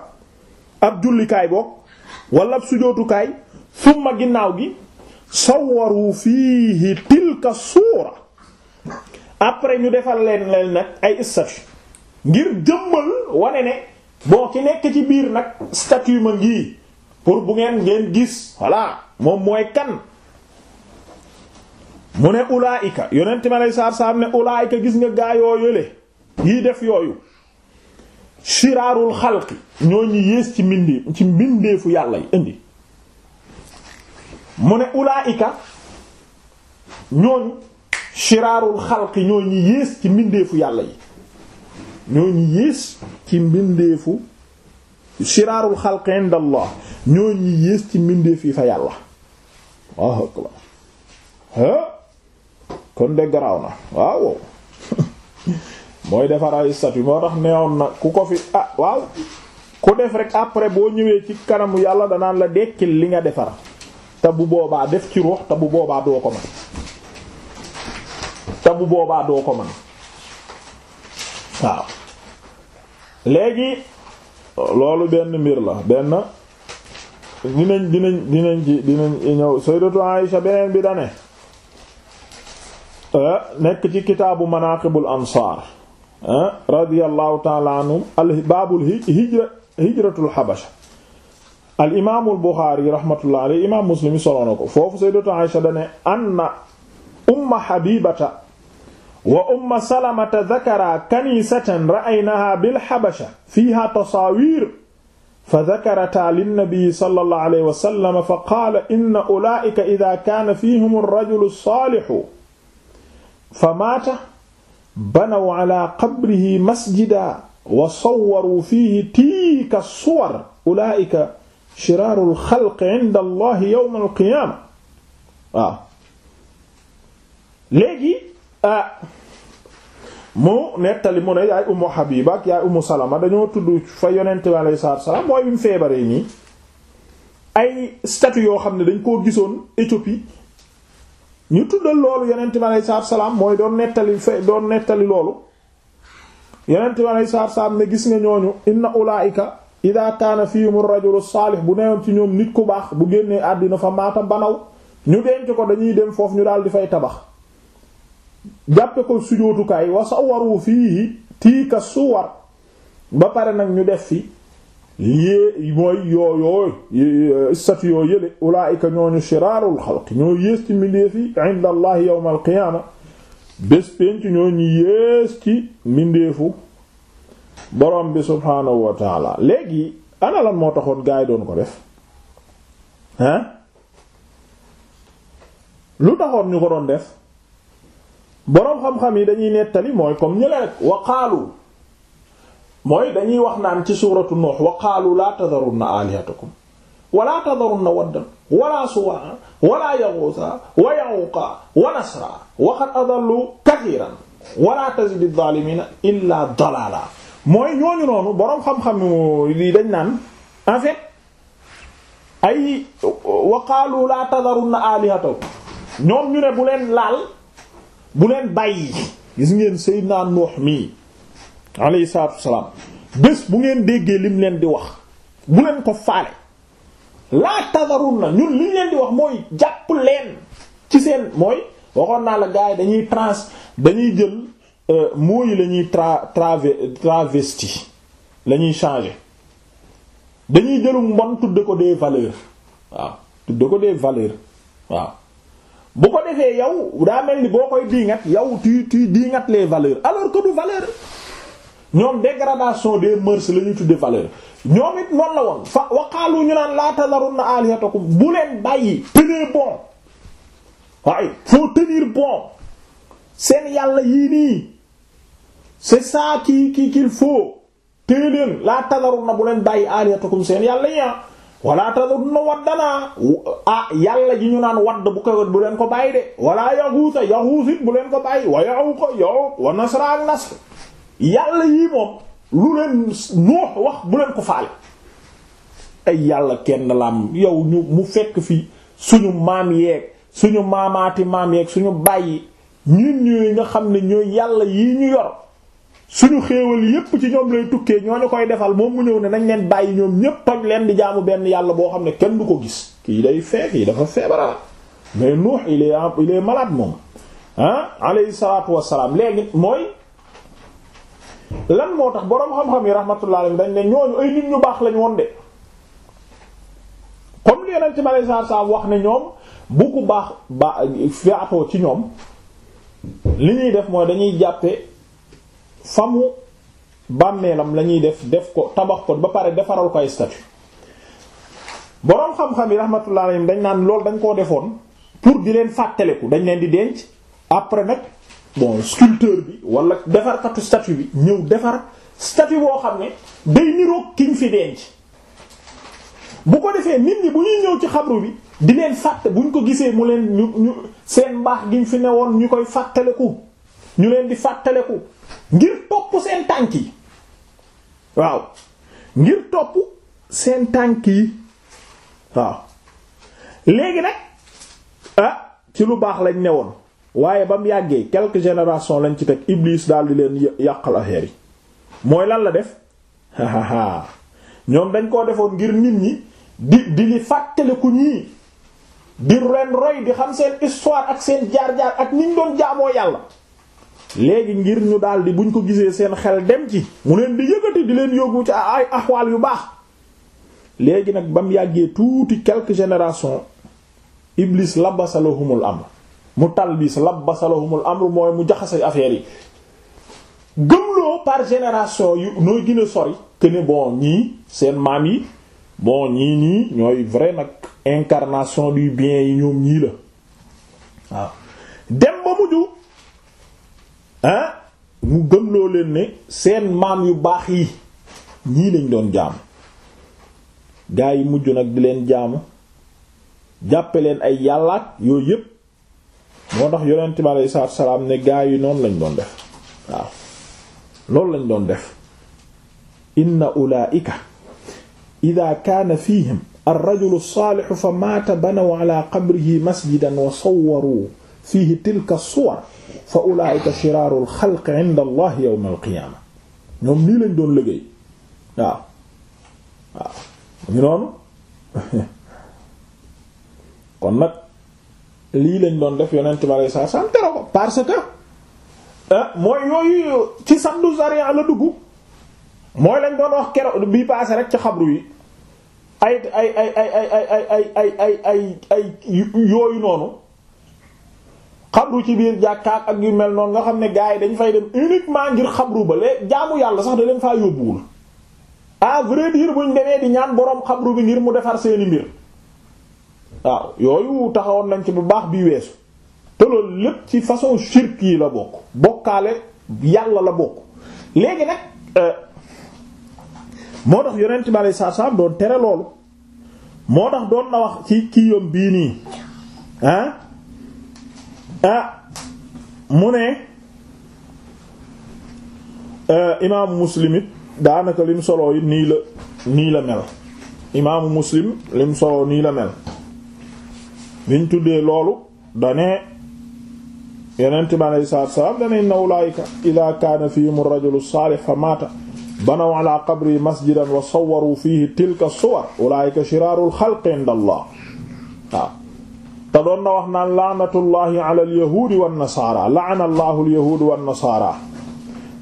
ab jullikaay boog walla ab sujootukaay thumma ginnaaw gi sawwaru fiihi tilka suura après ñu defal leen leen nag ay statue ngir jëmmal wane ne boo ki nekk ci biir nag statue ma ngii pour bu ngeen ngeen gis voilà moom mooy kan mu ne ulaayika yonent ma lay saar saar ne ulaayika gis nga gaa yoo yële yi def yooyu shiraarul xalqi ñoo ñu yées ci mbindee ci yàlla yi indi mu ne ulaayika ñooñu shiraarul yées ci mbindeefu yàlla yi ñoo ñu yées ci mbindeefu xalqi inda allah yées ci mbindeef yi fa yàlla waaw kon de garaaw na waaw mooy defar ay statut moo tax neewoon na ku ko fi ah waaw ku def rek après boo ñëwee ci kanamu yàlla danaan la dekkil li nga defar te bu boobaa def ci ruux te bu boobaa doo ko man te bu boobaa doo ko man waaw léegi loolu benn mbir la benn dinañ dinañ dinañ ci dinañ ñëw sayyidatu Aisha beneen bi dane Eh, nekk ci kitaabu manaqibul ansaar eh, radiyallahu taala anhum baabul hijra hijratul habasha al imaamul buxaari rahmatullahi alayhi imaam muslim solo na ko foofu sayyidatu Aisha dane anna umma habibata wa umma salamata dakara kanisatan ra'aynaha bil habasha fiha tasawir fa dakarata linnabii sallallahu alayhi wa sallam fa qaala inna ulaa'ika idha kaana fihim ar-rajulu as-saalihu fa maata banaw ala qabrihi masjida wa sawwaru fiihi tiika suwar ulaa'ika shiraarul xalqi inda allahi yawmal qiyaama waaw léegi ah, mu nettali mu ne yaay ummu Habiba ak yaay ummu Salama dañoo tudd fa yonent bi alayhi salaatu wa salaam mooy bi mu ay statue yoo xam ne dañ koo gisoon Éthiopie ñu tuddal loolu yeneen bi aleyhi salaatu salaam mooy doon nettali fe doon nettali loolu yonent bi aleyhi salaatu salaam ne gis nga ñooñu inna ulaa'ika idaa kaana fiihim ar-rajulu saalih bu newoon ci ñoom nit ku baax bu génnee àddina fa maata banaw ñu denc ko dañuy dem foofu ñu daal di fay tabax jàppe ko sujootukaay wa fii fiihi tiika suwar ba pare nag ñu def fii liyee mooy yooyooy sati yoo yële ulaayika ñooñu shiraarul ñoo yées ci mbindeef yi inda yées ci mbindeefu borom bi subhaanahu wa léegi ana lan moo taxoon gaay doon ko def hein lu taxoon ñu ko doon def boroom xam-xam yi dañuy nettali mooy comme ñële rek waqaalu mooy dañuy wax naan ci suuratu nuux wa qaalu laa tadarunna alihatakum walaa tadarunna waddan walaa suwaa walaa yaguusa wa yaquuqa wa nasra wa qad adallu kathiran walaa tazidi adh-dhalimina illa dalala mooy ñooñu noonu boroom xam-xam yi dañ naan en fait ay wa qaalu laa tadarunna alihatakum ñoom ñu ne bu leen bàyyi gis ngeen nuux mi alayhi salaatu wasalaam bés bu ngeen déggee li mu leen di wax bu leen ko faale laa tadarun na ñun liñ leen di wax mooy jàpp leen ci seen mooy waxoon naa la gars dañuy trans dañuy jël euh, mooy la ñuy tra travesti la lañuy changer dañuy jëlu mbon tudde ko des valeurs waaw tudde ko des valeurs waaw bu ko defee yow daa mel ni boo koy diingat yow tu tu diingat les valeurs alors que du valeur ñoom dégradation des mœurs la ñuy tudde valeur ñoom it noonu la woon fa waqaalu ñu naan la na alihatakum bu leen bàyyi tenir bon waaye faut tenir bon seen yàlla yii nii c'est ça qui qui qu'il faut téye leen la tazarunna bu leen bàyyi alihatakum seen yàlla yi ah wala tazarunna waddanaa ah yàlla ji ñu naan wadd bu koy bu leen ko bàyyi de wala yahuuta yahuusit bu leen ko bàyyi wa ya'uqa ya'uq wa nasra ak yàlla yii moom lu leen noox wax bu leen ko faale ay yàlla kenn laam yow ñu mu fekk fi suñu maam yeeg suñu maamaati maam yeek suñu bàyyi ñun ñooy nga xam ne ñooy yàlla yii ñu yor suñu xéewal yépp ci ñoom lay tukkee ñoo ñu koy defal moom mu ñëw ne nañ leen bàyyi ñoom ñépp ak leen di jaamu benn yàlla boo xam ne kenn du ko gis kii day fee kii dafa feebaral mais Nuux il est moom ah alayhi salaatu wassalaam léegi mooy lan moo tax boroom xam-xam yi rahmatullah alayhi dañ ne ñooñu ay nit ñu baax lañ woon de comme li yeneen ci ma lay wax ne ñoom bu ku baax ba fiatoo ci ñoom li ñuy def mooy dañuy jàppe famu bàmmeelam lañuy def def ko tabax ko ba pare defaral koy ay statue boroom xam-xam yi rahmatullah alayhi dañ naan loolu dañ koo defoon pour di leen fàttaleku dañ leen di denc après nag. bon sculpteur bi wala defarkatu statue bi ñëw defar statue boo xam ne day niroog ki ñu fi denc bu ko defee nit ñi bu ñuy ñëw ci xabru bi di leen fàtte buñ ko gisee mu leen ñu ñu seen mbaax gi ñu fi newoon ñu koy fàttaleku ñu leen di fàttaleku ngir topp seen tànk yi waaw ngir topp seen tànk yi waaw léegi nag ah ci lu baax lañ newoon waaye ba mu yàggee quelque générations lañ ci teg Iblis daal di leen yàq affaire mooy lan la def ñoom dañ koo defoon ngir nit ñi di di li fàttaliku ñii di ren roy di xam seen histoire ak seen jaar-jaar ak niñ doon jaamoo yàlla léegi ngir ñu daal di buñ ko gisee seen xel dem ci mu leen di yëkkati di leen yóbbu ci ay axwaal yu baax léegi nag ba mu yàggee tuuti quelques générations Iblis labasalahumul am mu talbis labbasa lahumul amru mooy mu jaxase affaire yi gëmloo par génération yu nooy gën a sori que ne bon ñii seen maam yi bon ñii nii ñooy vrai nag incarnation du bien yi ñoom ñii la waaw dem ba mujj ah mu gëmloo leen ne seen maam yu baax yi ñii lañ doon jaamu gaa yi mujj nag di leen jaamu jàppe leen ay yàllaat yooyu yépp moo tax yonent bi aleyhi salaatu salaam ne gaa yi noonu lañ doon def waaw loolu lañ doon def inna ulaa'ika idaa kaana fiihim ar-rajulu as-saalihu fa maata banaw alaa qabrihi masjidan wa sawwaruu fiihi tilka as-suwar fa ulaa'ika shiraaru al-xalqi inda allahi yawma al-qiyaama ñoom nii lañ doon liggéey waaw waaw ñu noonu kon nag lii lañ doon def yonent ma lay saa saa ko parce que mooy yooyu ci sandu zaria la dugg mooy lañ doon wax keroog bi paase rek ci xabru yi ay ay ay ay ay ay ay yooyu noonu xabru ci biir jàkkaak ak yu mel noonu nga xam ne gars yi dañ fay dem uniquement ngir xabru ba léegi jaamu yàlla sax da leen faa yóbbuwul à vrai dire buñ demee di ñaan boroom xabru bi ngir mu defar seeni mbir waaw yooyu taxawoon nañ ci bu baax bii weesu te loolu lépp ci façon shirk yi la bokk bokkaale yàlla la bokk léegi nag euh, moo tax yonent bi alayhi salaatu doon tere loolu moo tax doon na wax ci kii yom bii nii ah ah mu ne euh, imaamu muslim it daanaka lim soloo it nii la nii la mel imaamu muslim lim soloo nii la mel biñ tuddee loolu dane yonent bi alayhi salaatu wa salaam dane inna ulaa'ika idhaa kaana fiihimu rajulu saalih fa maata banaw alaa qabri masjidan wa sawwaru fiihi tilka suwar ulaa'ika Allah waaw te doon na wax naan laanatullahi ala alyahuudi wan nasaara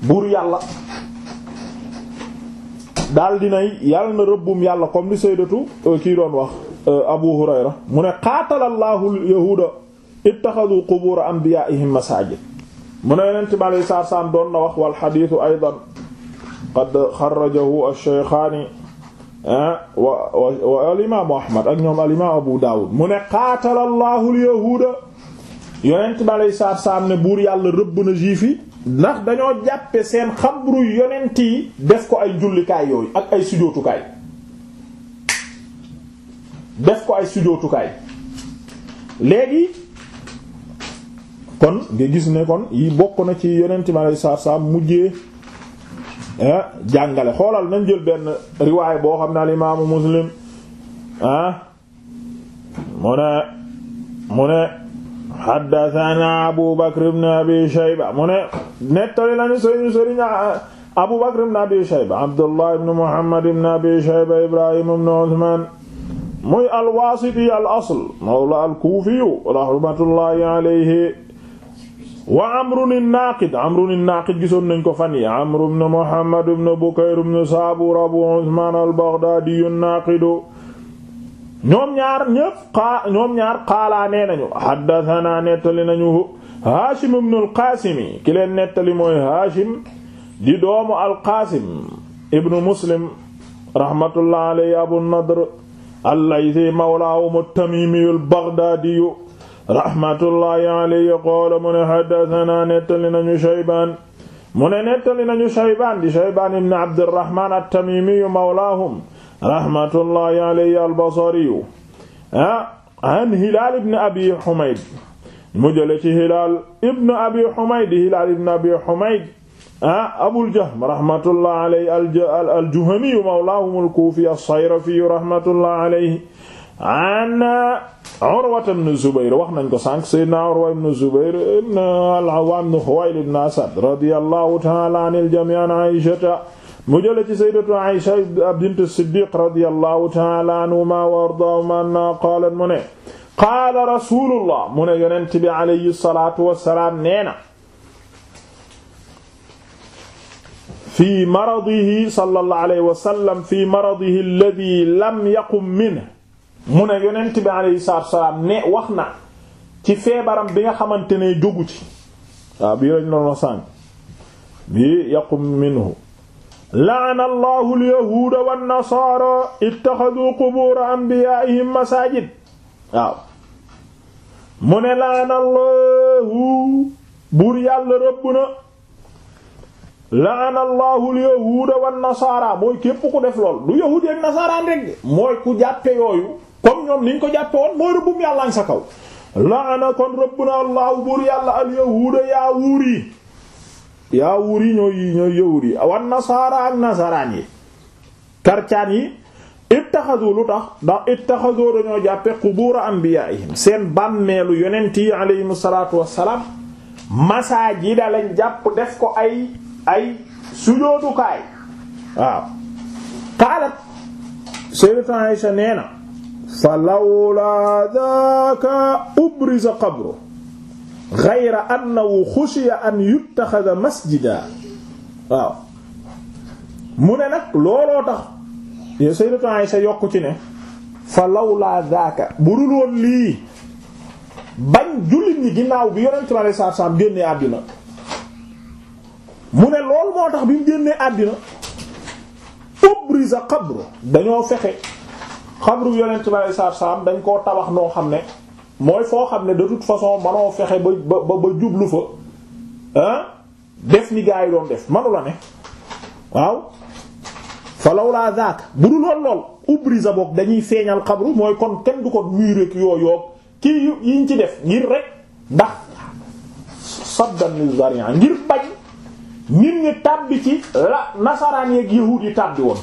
buur yàlla daal dinay yàlla na rëbbum yàlla comme li sayyidatu euh, kii doon wax Euh, Abu Hurayra mu ne qaatala Allahu al-yahuuda ittaxadu qubuura anbiyaa'ihim masaajid mu ne Yonent bi alayhi salaatu wa salaam doon na wax wal hadiis aydan qad xarrajahu ash-shaykhaani ah, wa al-imaam Ahmad ak ñoom al-imaam Abu Daawuud mu ne qaatala Allahu al-yahuuda Yonent bi alayhi salaatu wa salaam ne buur yàlla rëbb na juif yi ndax dañoo jàppe seen xabru yonent yi def ko ay jullikaay yooyu ak ay sujootukaay def ko ay sujjóotukaay léegi kon nga gis ne kon yi bokk na ci yonenti ma lay saar saar mujjee eh, jàngale xoolal nañ jël benn riwaay boo xam ne al imaamu muslim ah mu ne mu ne xaddathana abu bakr ibn abi shayba mu ne nettali nañu sëriñ sëriñ ah, abu bakr ibn abi shayba abdullah ibn muhammad ibn abi shayba ibrahim ibn uthman muy alwaasiti al asl mawla al kuufiyu rahmatullahi alayhi wa amrun an-naaqid amrun an-naaqid gisoon nañ ko fan yi amru ibn muhammad ibn bukayr ibn saabur abu usman al-baghdadi an-naaqid ñoom ñaar ñépp xaa ñoom ñaar xaalaa nee nañu haddathana nettali nañu haashim ibn al-qaasimi ki leen nettali mooy haashim di doomu al-qaasim ibn muslim rahmatullahi alayhi abu nadr al-Laythi mawlaahum at-Tamimi al-Baghdadi rahmatullahi alayhi qaala mu ne haddathana nettali nañu Shaybaan mu ne nettali nañu Shaybaan di Shaybaan ibn Abdirrahmaan at-Tamimi mawlaahum rahmatullahi alayhi al-Basri ah an Hilaal ibn Abi Humayd mu jële ci Hilaal ibn Abi Humayd Hilaal ibn Abi Humayd ah Abul Jahm rahmatullah alayhi al-Juhani mawlaahum al-Kufi as-Sayrafi rahmatullah alayhi an Urwa ibn Zubayr wax nañ ko sànq Seydina Urwa ibn Zubayr ibn al-Awwam ibn Khuwaylid ibn Asad radiyallahu ta'ala anil jami' an Aysata mu jële ci Sayyidatu Aysha bint Siddiq radiyallahu ta'ala anhuma wa ardaahuma anna qaalat mu ne qaala rasulullah mu ne yonent bi alayhi salaatu wa salaam nee na fi maradihi sallallahu alayhi wa sallam fi maradihi alladhi lam yaqum minhu mu ne yonent bi alayhi salaatu wa salaam ne wax na ci feebaram bi nga xamante ne jógu ci waaw bii lañ doon wax sànq bi yaqum minhu la'ana allahu alyahuuda wannasaara ittaxaduu qubuura anbiyaa'ihim masaajid waaw mu ne la'ana allahu buur yàlla rëbb na laana allahu alyahuuda wan mooy képp ku def lool du yahuudi ak nasaaraan rek mooy ku jàppe yooyu comme ñoom niñ ko jàppe woon mooy rëbbum yàllaang sa kaw laana kon rabbuna allahu buur yàlla alyahuuda yaa wuur yi yaa yi ñooy ñooy yahuud ak nasaaraan yi karcaan yi ittaxadu lu tax ndax ittaxadu dañoo jàppe qubuura anbiyaa'ihim seen bàmmeelu yonent yi aleyhimu salaatu wassalaam masaajida lañ jàpp def ko ay ay sujootukaay waaw qaalat sayyidat Aisha nee fa lawlaa daaka ubriza qabru ghayra annahu khushiya an yuttakhadha masjida mu ne nag looloo tax sayyidat Aisha yokk ci ne fa lawlaa daaka bu dul woon lii bañ jullit ñi ginnaaw bi yonent bi sallallahu alayhi wasallam génne àddina mu ne lool moo tax bi mu génnee àddina ubriza xabru dañoo fexe xabru yonent bi alayhi salaatu salaam dañ koo tabax noo xam ne mooy foo xam ne de toute façon manoo fexe ba ba ba jublu fa ah def ni gaa yi doon def manu la ne waaw fa lawlaa zaak bu dul lool lool ubriza boog dañuy feeñal xabru mooy kon kenn du ko muur ak yoo yoob kii yiñ ci def ngir rek ndax saddan li zari'a ngir bañ nit ñi tàbbi ci la nasaraan yeeg yahuud yi tàbbi woon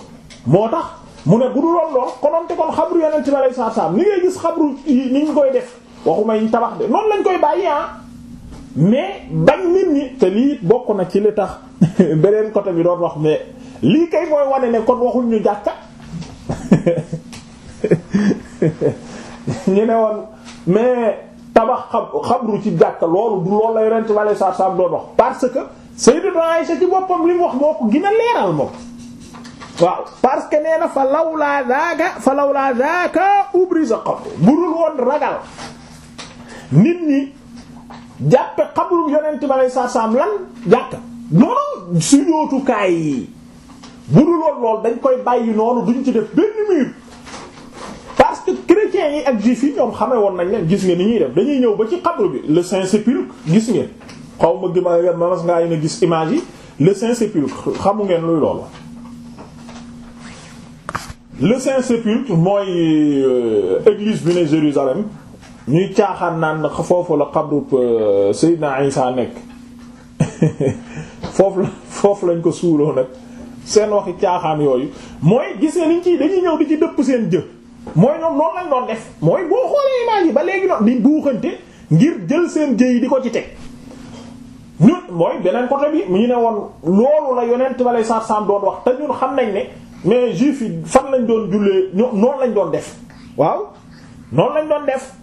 moo tax mu ne bu dul woon lool konoonte kon xabru yeneen ci balay saa saam ni ngay gis xabru yi ni ñu koy def waxuma ñu tabax de noonu lañ koy bàyyi ah mais bañ nit ñi te lii bokk na ci li tax beneen côté bi doon wax mais lii kay mooy wane ne kon waxuñ ñu jàkka ñu ne woon mais tabax xabru ci jàkka loolu du loolu la yeneen ci balay saa saam doon wax parce que. Sayyidatu Aisha ci boppam li wax moo ko gën leeral moom waaw parce que nee na fa lawlaa zaaka fa lawlaa zaaka ubriza qabru burul woon ragal nit ñi jàppe xabru yonent bi alayhi salaam lan jàkk noonu sujjóotukaay yi burul woon lool dañ koy bàyyi noonu duñ ci def benn minute parce que chrétiens yi ak juifs yi ñoom xamee woon nañ leen gis nga ni ñuy def dañuy ñëw ba ci xabru bi le Saint-Sépulcre gis ngeen xaw ma gi ma manas ngaa yéen a gis image yi le Saint-Sépulcre xamu ngeen luy loolu le Saint-Sépulcre mooy euh, église bi ne Jérusalem ñuy caaxaan naan foofu la xabru euh, Seydina Isa nekk foofu la foofu lañ ko suuloo nag seen waxi caaxaan yooyu mooy gis nga niñ ciy dañuy ñëw di ci dëpp seen jë mooy ñoom noonu lañ doon def mooy boo xoolee image yi ba léegi noonu di buuxante ngir jël seen jë yi di ko ci teg ñun mooy beneen côté bi mu ñu ne woon loolu la yonent ba lay sarsam doon wax te ñun xam nañ ne mais juif yi fan lañ doon jullee ño noonu lañ doon def waaw noonu lañ doon def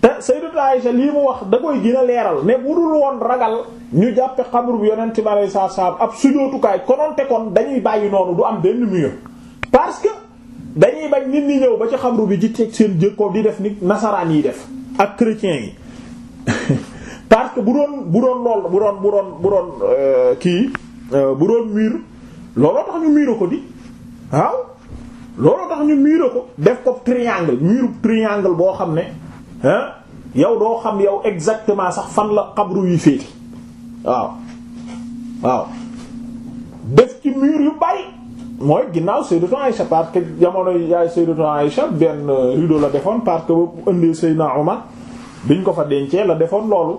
te Sayyidatu Aïsha lii mu wax da koy gën a leeral ne bu dul woon ragal ñu jàppe xabru bi yonent ba lay sarsam ab sujjóotukaay kononte kon dañuy bàyyi noonu du am benn mur parce que dañuy bañ nit ñi ñëw ba ci xabru bi ci teg seen jëkkoo di def ni nasaraan yi def ak chrétiens yi parce que bu doon bu doon lool bu doon bu doon euh, kii euh, bu doon miir looloo tax ñu miira ko di waaw looloo tax ñu miira ko def ko triangle miiru triangle boo xam ne hein yow doo xam yow exactement sax fan la xabru yi féete waaw waaw def ci miir yu bari mooy ginnaaw Sayyidatu Aïcha parce que jamono yaay Sayyidatu Aïcha benn rideau la defoon parce que ba ëndee Sayyidna Omar biñ ko fa dencee la defoon loolu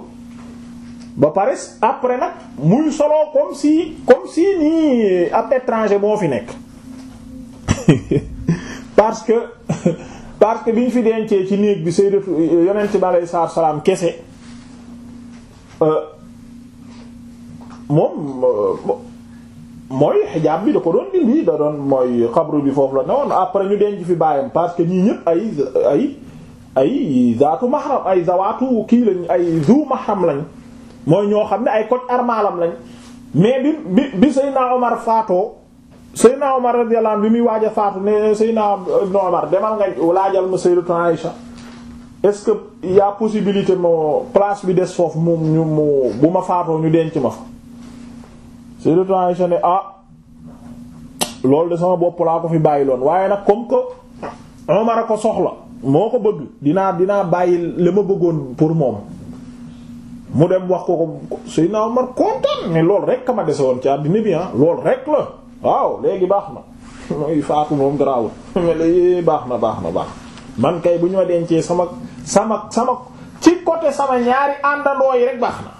ba pare après nag muy solo comme si comme si nii ab étranger moo fi nekk parce que parce que bi ñu fi dencee ci néeg bi sayyidatu yonent bi alayhi salaatu salaam kese euh, moom euh, mooy xijaab bi da ko doon dindi da doon mooy xabru bi foofu la newoon après ñu denc fi baayam parce que ñii ñëpp ay ay ay zaatu mahram ay zawaatu kii lañu ay zu mahram lañ mooy ñoo xam ne ay coc armalam lañ mais bi bi bi naa Omar faatoo Seydina Omar radiyallahu anhu bi muy waaj a faatu ne naa Omar demal nga laajal ma Sayyidatu Aïcha est-ce que y possibilité mo place bi des foofu mu ñu mu bu ma faatoo ñu denc ma fa Sayyidatu Aïcha ne ah loolu de sama bopp laa ko fi bàyyi loon waaye nag comme que Omar a ko soxla moo ko bëgg dinaa dinaa bàyyi li ma bëggoon pour moom mu dem wax ko ko Seydina Omar kontaan mais loolu rek a ma dese woon ci àddina bi ah loolu rek la waaw léegi baax na mooy faatu moom garaawul mais baax na baax na baax man kay bu ñu ma dencee sama sama sama ci côté sama ñaari àndandoo yi rek baax na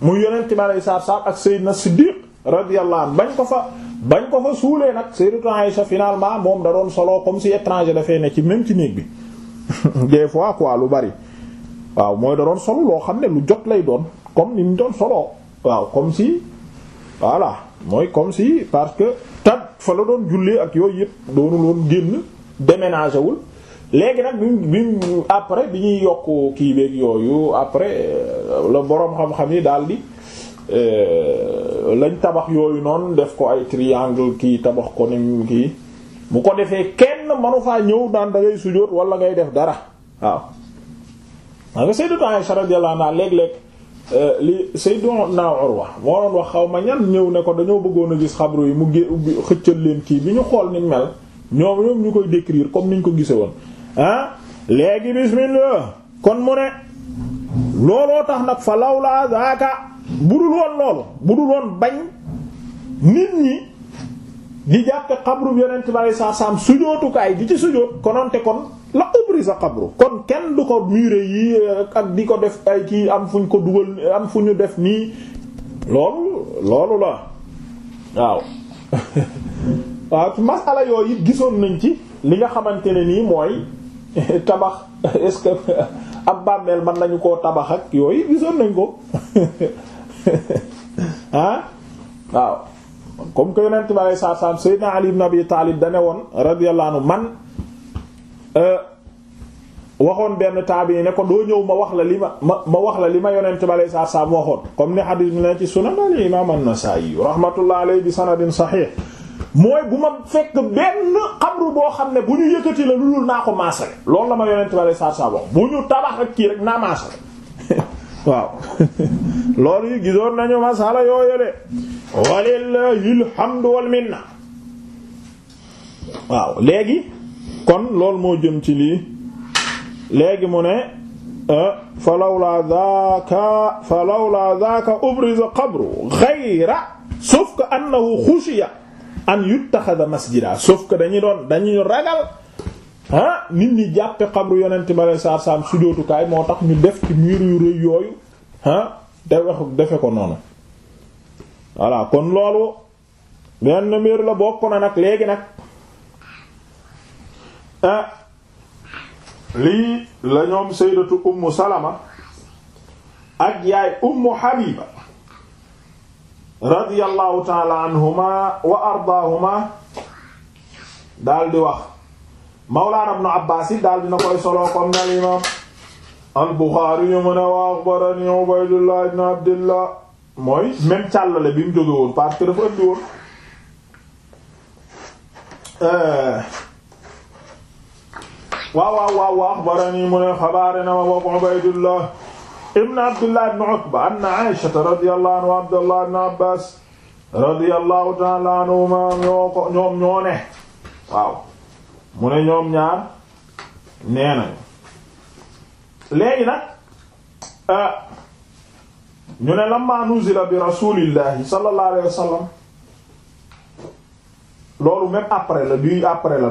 mu yonent bi alayhi salaatu salaam ak Seydina Siddiq radiyallahu anhu bañ ko fa bañ ko fa suulee nag Sayyidatu sa finalement moom da doon solo comme si étranger dafay ne ci même ci néeg bi des fois quoi lu bari. waaw mooy da doon solo loo xam ne lu jot lay doon comme ni mu doon solo waaw comme si voilà mooy comme si parce que tat fa la doon jullee ak yooyu yëpp doonul woon génn déménagé wul léegi nag bi mu après bi ñuy yokk kii beeg yooyu après euh, la boroom xam-xam yi daal di euh, lañ tabax yooyu noonu def ko ay triangle kii tabax ko ni kii bu ko defee kenn manu faa ñëw daan da ngay sujjóot wala ngay def dara waaw. nga Sayyidatu Aisha radiyallahu anha léeg-léeg euh, li Sayyiduna Urwa moo doon wax xaw ma ñan ñëw ne ko dañoo bëggoon a gis xabru yi mu gé xëccal leen kii bi ñu xool ni mel ñoom ñu koy décrire comme niñ ko gise woon ah léegi bismillah kon mu ne looloo tax nag fa lawla zaaka budul woon loolu budul woon bañ nit ñi di jàppe xabru bi yonent bi sallallahu alayhi wasallam sujootukaay di ci sujoot konoonte kon la ubrisa xabru kon kenn du ko muré yi eh, ak bi ko def ay kii am fu ñu ko dugal am fu ñu def nii loolu loolu la waaw waaw masala yooyu it gisoon nañ ci li nga xamante ne nii mooy tabax est-ce que ab bàmmeel mën nañu koo tabax ak yooyu gisoon nañ ko ah waaw comme que yonent bi alei saatu salam Seydina Ali ibn Abi Talib dane woon radiyallahu anhu man Euh, waxoon benn taabi ne ko doo ñëw ma wax la li ma ma wax la li ma yonent bi alayhi salaatu salaam waxoon comme ni xadiis bi ci sunan al imaam an-Nasaa'i rahmatullah alayhi bi sanadin saxiix mooy bu ma fekk benn xabru boo xam ne bu ñu yëkkati la lu dul naa ko maasale loolu la ma yonent bi alayhi salaatu salaam wax bu ñu tabax ak kii rek naa maasale waaw loolu yi gisoon nañu masala yooyole walillahi alhamdu wal waaw léegi kon loolu moo jëm ci lii léegi mu ne euh, fa lawla zaaka fa lawla zaaka ubriza qabru ghayra sauf que annahu khushiya an yuttakhadha masjida sauf que dañu doon dañuy ragal ah nit ñi jàppe xabru yonent bi alei saatu salaam sujjóotukaay moo tax ñu def ci miir yu rëy yooyu ah te wax defe ko noonu voilà kon loolu benn miir la bokk na nag léegi nag Ah, lii la ñoom sayyidatu salama ak yaay ummu habiba radiyallahu taala anhuma wa ardaahuma daal wax mawlaana ibnu abbaas yi daal koy soloo comme na imaam al-Buxaari yu mu ne wa axbarani ibn Abdillah mooy même càllale bi mu jóge woon parce que waaw waaw waaw wa axbarani mu ne xabaare na ma bokk Ubaydullah ibn Abdullah ibn Utba anna Aisha radiyallahu anha wa Abdullah ibn Abbas radiyallahu ta'ala anhuma ñoo ko ñoom ñoo ne waaw mu ne ñoom ñaar nee nañu léegi nag euh, ñu ne lamma nuzila bi rasulillahi sallallahu alayhi wa sallam loolu même après la bii après la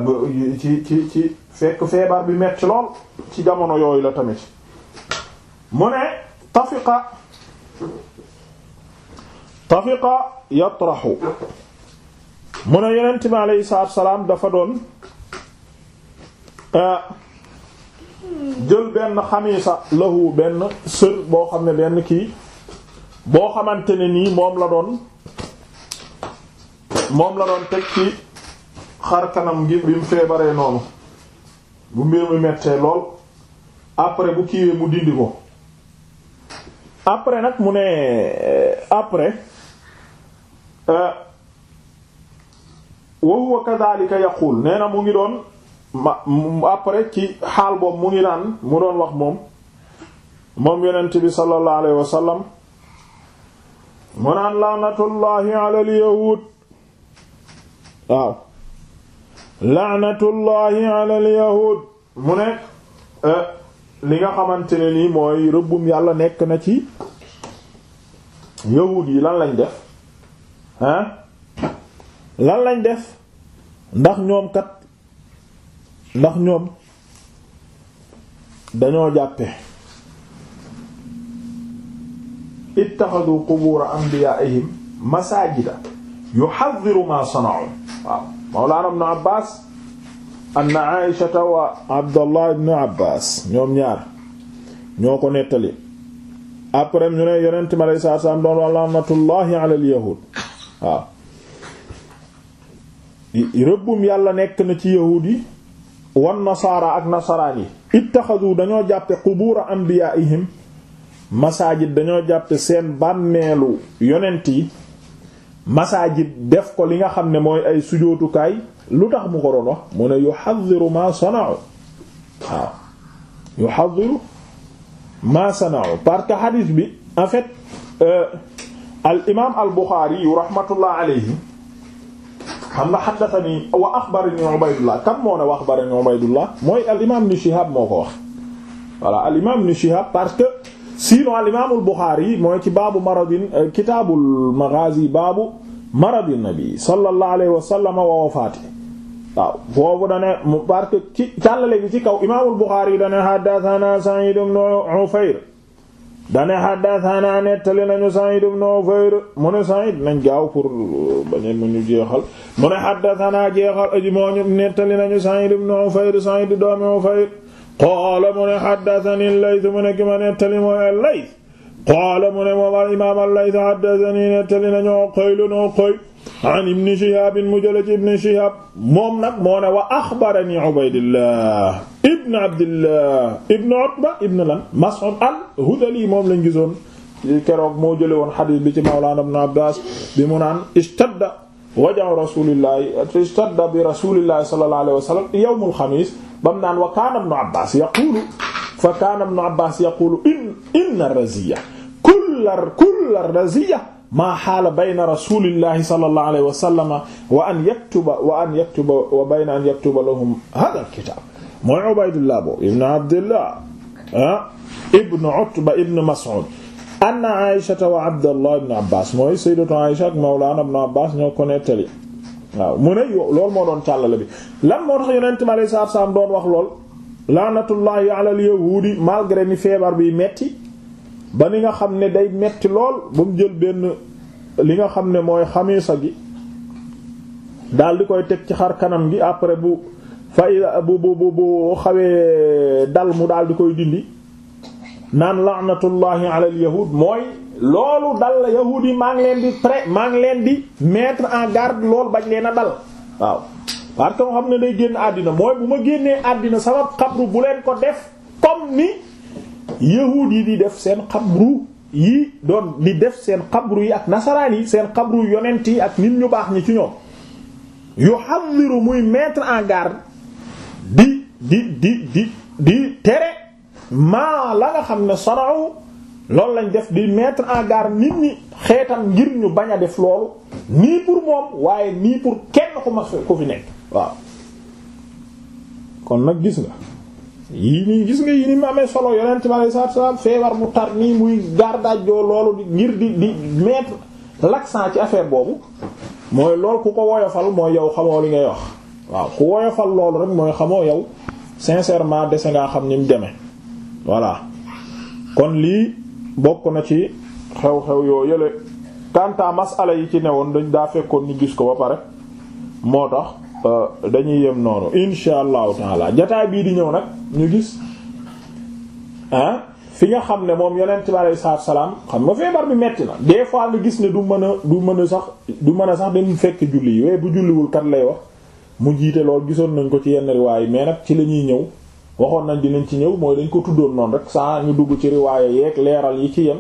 ci ci ci fekk feebar bi metti lool ci jamono yooyu la tamit mu ne tafiqa tafiqa yatraxu mu ne yonent bi aleyhi salaatu salaam dafa doon euh, jël benn xamiisa lahu benn sër boo xam ne benn kii boo xamante ne nii moom la doon moom la doon teg ci xar kanam gi bi mu feebaree noonu bu mbir mu mettee lool après bu kiiwee mu dindi ko après nag mu ne euh, après euh, wa huwa kadhalika yaxuul nee mu ngi doon ma après ci xaal boobu mu ngi naan mu doon wax moom moom yonent bi sallallahu alayhi wa sallam mu naan laanatullahi ala al waaw laanatullahi ala al mu ne euh, li nga xamante ni nii mooy rëbbum yàlla nekk na ci yahud yi lan lañ def ah lan lañ def ndax ñoom kat ndax ñoom dañoo jàppe ittaxadu qubura anbiyaa'ihim masaajida yuhadhiru ma sana'u waaw mawlaana ibn Abbaas anna Aysata wa Abdallah ibn Abbaas ñoom ñaar ñoo ko nettali après ñu ne yonent mi alayhi salaatu salaam doon laanatullaahi ala yahuud rëbbum yàlla nekk na ci yahuud yi wan nasaara ak nasaraan yi ittaxadu dañoo jàppe qubuura anbiyaa'ihim masaajid dañoo jàppe seen bàmmeelu yonent yi masaajid def ko li nga xam ne mooy ay sujootukaay lu tax mu ko doon wax mu ne yuhadhiru ma sana'u waaw yuhadhiru ma sana'u parce que hadith bi en fait euh, al imaam al Bukhari yu rahmatullah alayhi xam nga haddathani wa akhbarani Ubaydullah kan moo ne wa akhbarani Ubaydullah mooy al imaam Ibn Shihab moo ko wax voilà al imaam Ibn Shihab parce sinon al imaamul Buxaari mooy ci baabu maradin euh, kitaabul maghaazi baabu maradin nabi sallallahu alayhi wa sallam wa wafaati waaw foofu da ne mu parce que ci càllale bi ci kaw imaamul Buxaari da ne haddasanaa Sa'iid ibn Ufayr da ne haddasanaa nettali nañu Sa'iid ibn Ufayr mu ne Sa'iid nañ gaaw pour euh, bañeen mu ñu jeexal mu ne haddasanaa jeexal aji moo ñu nettali nañu Sa'iid ibn Ufayr Sa'iid doomi Ufayr qaala mu ne xaddatani Layth mu ne ki ma nettali mooy Layth qaala mu ne moom al imaam Layth xaddatani nettali nañu Uqayl Uqayl an ibn Shihab mu jële ci ibn Shihab moom nag moo ne wa axbarani Ubaydullah ibn Abdillah ibn Utba ibn lan Mas'ud al-Hudali moom lañ gisoon keroog moo jële woon xadiis bi ci Mawlana ibn Abbaas bi mu naan istadda wajhu rasuulillahi istadda bi rasuulillahi sallallahu alayhi wa sallam yawmul xamiis bam naan wa kaana ibnu Abbaas yaqulu fa kaana ibnu Abbaas yaqulu in inna raziya kulla kulla raziya maa xaala bayna rasulillahi sallallahu alayhi wa sallam wa an yaktuba wa an yaktuba wa bayna an yaktuba lahum haadha al-kitaab mooy Ubaydullah bo ibnu Abdillah ibnu Utba ibnu Mas'ud anna Aysata wa Abdallah ibnu Abbaas mooy sayyidatu Aysa ak mawlaana ibnu Abbaas ñoo ko nettali waaw mu ne loolu moo doon càllale bi lan moo tax yonent mi alayhi salaatu doon wax lool laanatullaahi alal yahuudi malgré ni feebar bi metti ba ni nga xam ne day metti lool bu mu jël benn li nga xam ne mooy xamisa gi daal di koy teg ci xar kanam gi après bu fay bu bu bu xawee dal mu daal di koy dindi naan laanatullaahi alal yahuud mooy loolu dal la yahuud yi maa ngi leen di très maa ngi leen di mettre en garde loolu bañ leen a dal waaw parce que moo xam ne day génn àddina mooy bu ma génnee àddina sama xabru bu leen ko def comme ni yahuud yi di def seen xabru yi doon di def seen xabru yi ak nasaraan yi seen xabru yonent yi ak nit ñu baax ñi ci ñoom yuhadhiru muy mettre en garde di di di di tere maa la nga xam ne sana'u loolu lañ def di mettre en garde nit ñi xeetam ngir ñu bañ a def loolu nii pour moom waaye nii pour kenn ku ma ku fi nekk waaw kon nag gis nga yii nii gis nga yii ni mu amee solo yonent bi alei salatu salaam feebar mu tar nii muy gardaajjoo loolu ngir di di mettre l'accent ci affaire boobu mooy lool ku ko woyofal mooy yow xamoo li ngay wax waaw ku woyofal loolu rek mooy xamoo yow sincèrement dese ngaa xam ni mu demee voilà kon lii bokk na ci xew-xew yoo yële kanta masala yi ci newoon dañ daa fekkoon ñu gis ko ba pare moo tax euh, dañuy yem noonu insha allahu taala jataay bii di ñëw nag ñu gis ah fi nga xam ne moom yeneen bi aleyhi salaatu salaam xam nga feebar bi metti na des fois nga gis ne du mën a du mën a sax du mën a sax dem fekk julli yi waaye bu julliwul kat lay wax mu jiite lool gisoon nañ ko ci yenn riwaay mais nag ci la ñuy ñëw waxoon nañ dinañ ci ñëw mooy dañ ko tuddoon noonu rek saa ñu dugg ci riwaaya yeeg leeral yi ci yem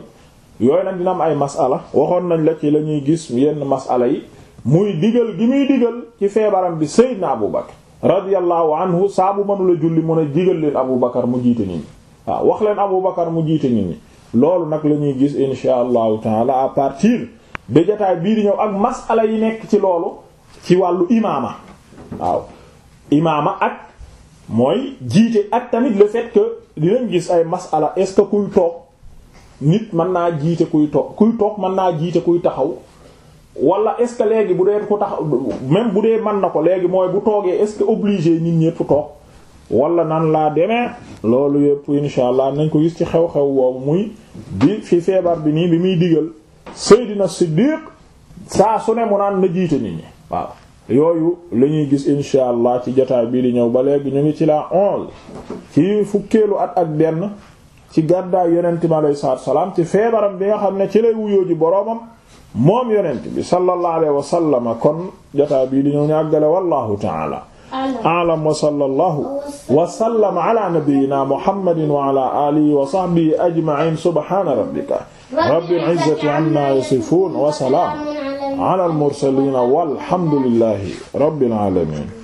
yooyu nag dina ay ay masala waxoon nañ la ci la gis yenn masala yi muy digal gi muy digal ci feebaram bi Seydina Abu Bakar radiyallahu anhu saa bu mënula julli mun a digal leen Abu Bakar mu jiite nit ñi leen Abu Bakar mu jiite nit loolu nag la ñuy gis insha allahu taala à partir de bii ñëw ak masala yi nekk ci loolu ci wàllu imaama waaw imaama ak mooy jiite ak tamit le fait que dinañ gis ay masala est-ce que kuy toog nit mën naa jiite kuy toog kuy toog mën naa jiite kuy taxaw wala est-ce léegi bu dee ko taxaw même bu dee mën na ko léegi mooy bu toogee est-ce que obligé nit ñépp toog wala nan laa demee loolu yépp insha allah nañ ko gis ci xew-xew woowu muy bi fi feebar bi nii bi muy digal dina si Siddiq saa su ne mu naan na jiite nit ñi waaw yooyu la ñuy gis incha ci jotaay bii di ñëw ba léegi ñu ngi ci la onze ci fukkeelu at ak benn ci gàddaay yonent bi alayhi salaatu salaam ci feebaram bi nga xam ne ci lay wuyoo ji boroomam moom yonent bi sallallahu alayhi wa sallam kon jotaay bii di ñëw ñu àggale wallahu ta'ala a'lam wa sallallahu wa sallama ala nabiyyina muhammadin wa ala alihi ala al mursaliin walhamdulillahi rabbil aalamiin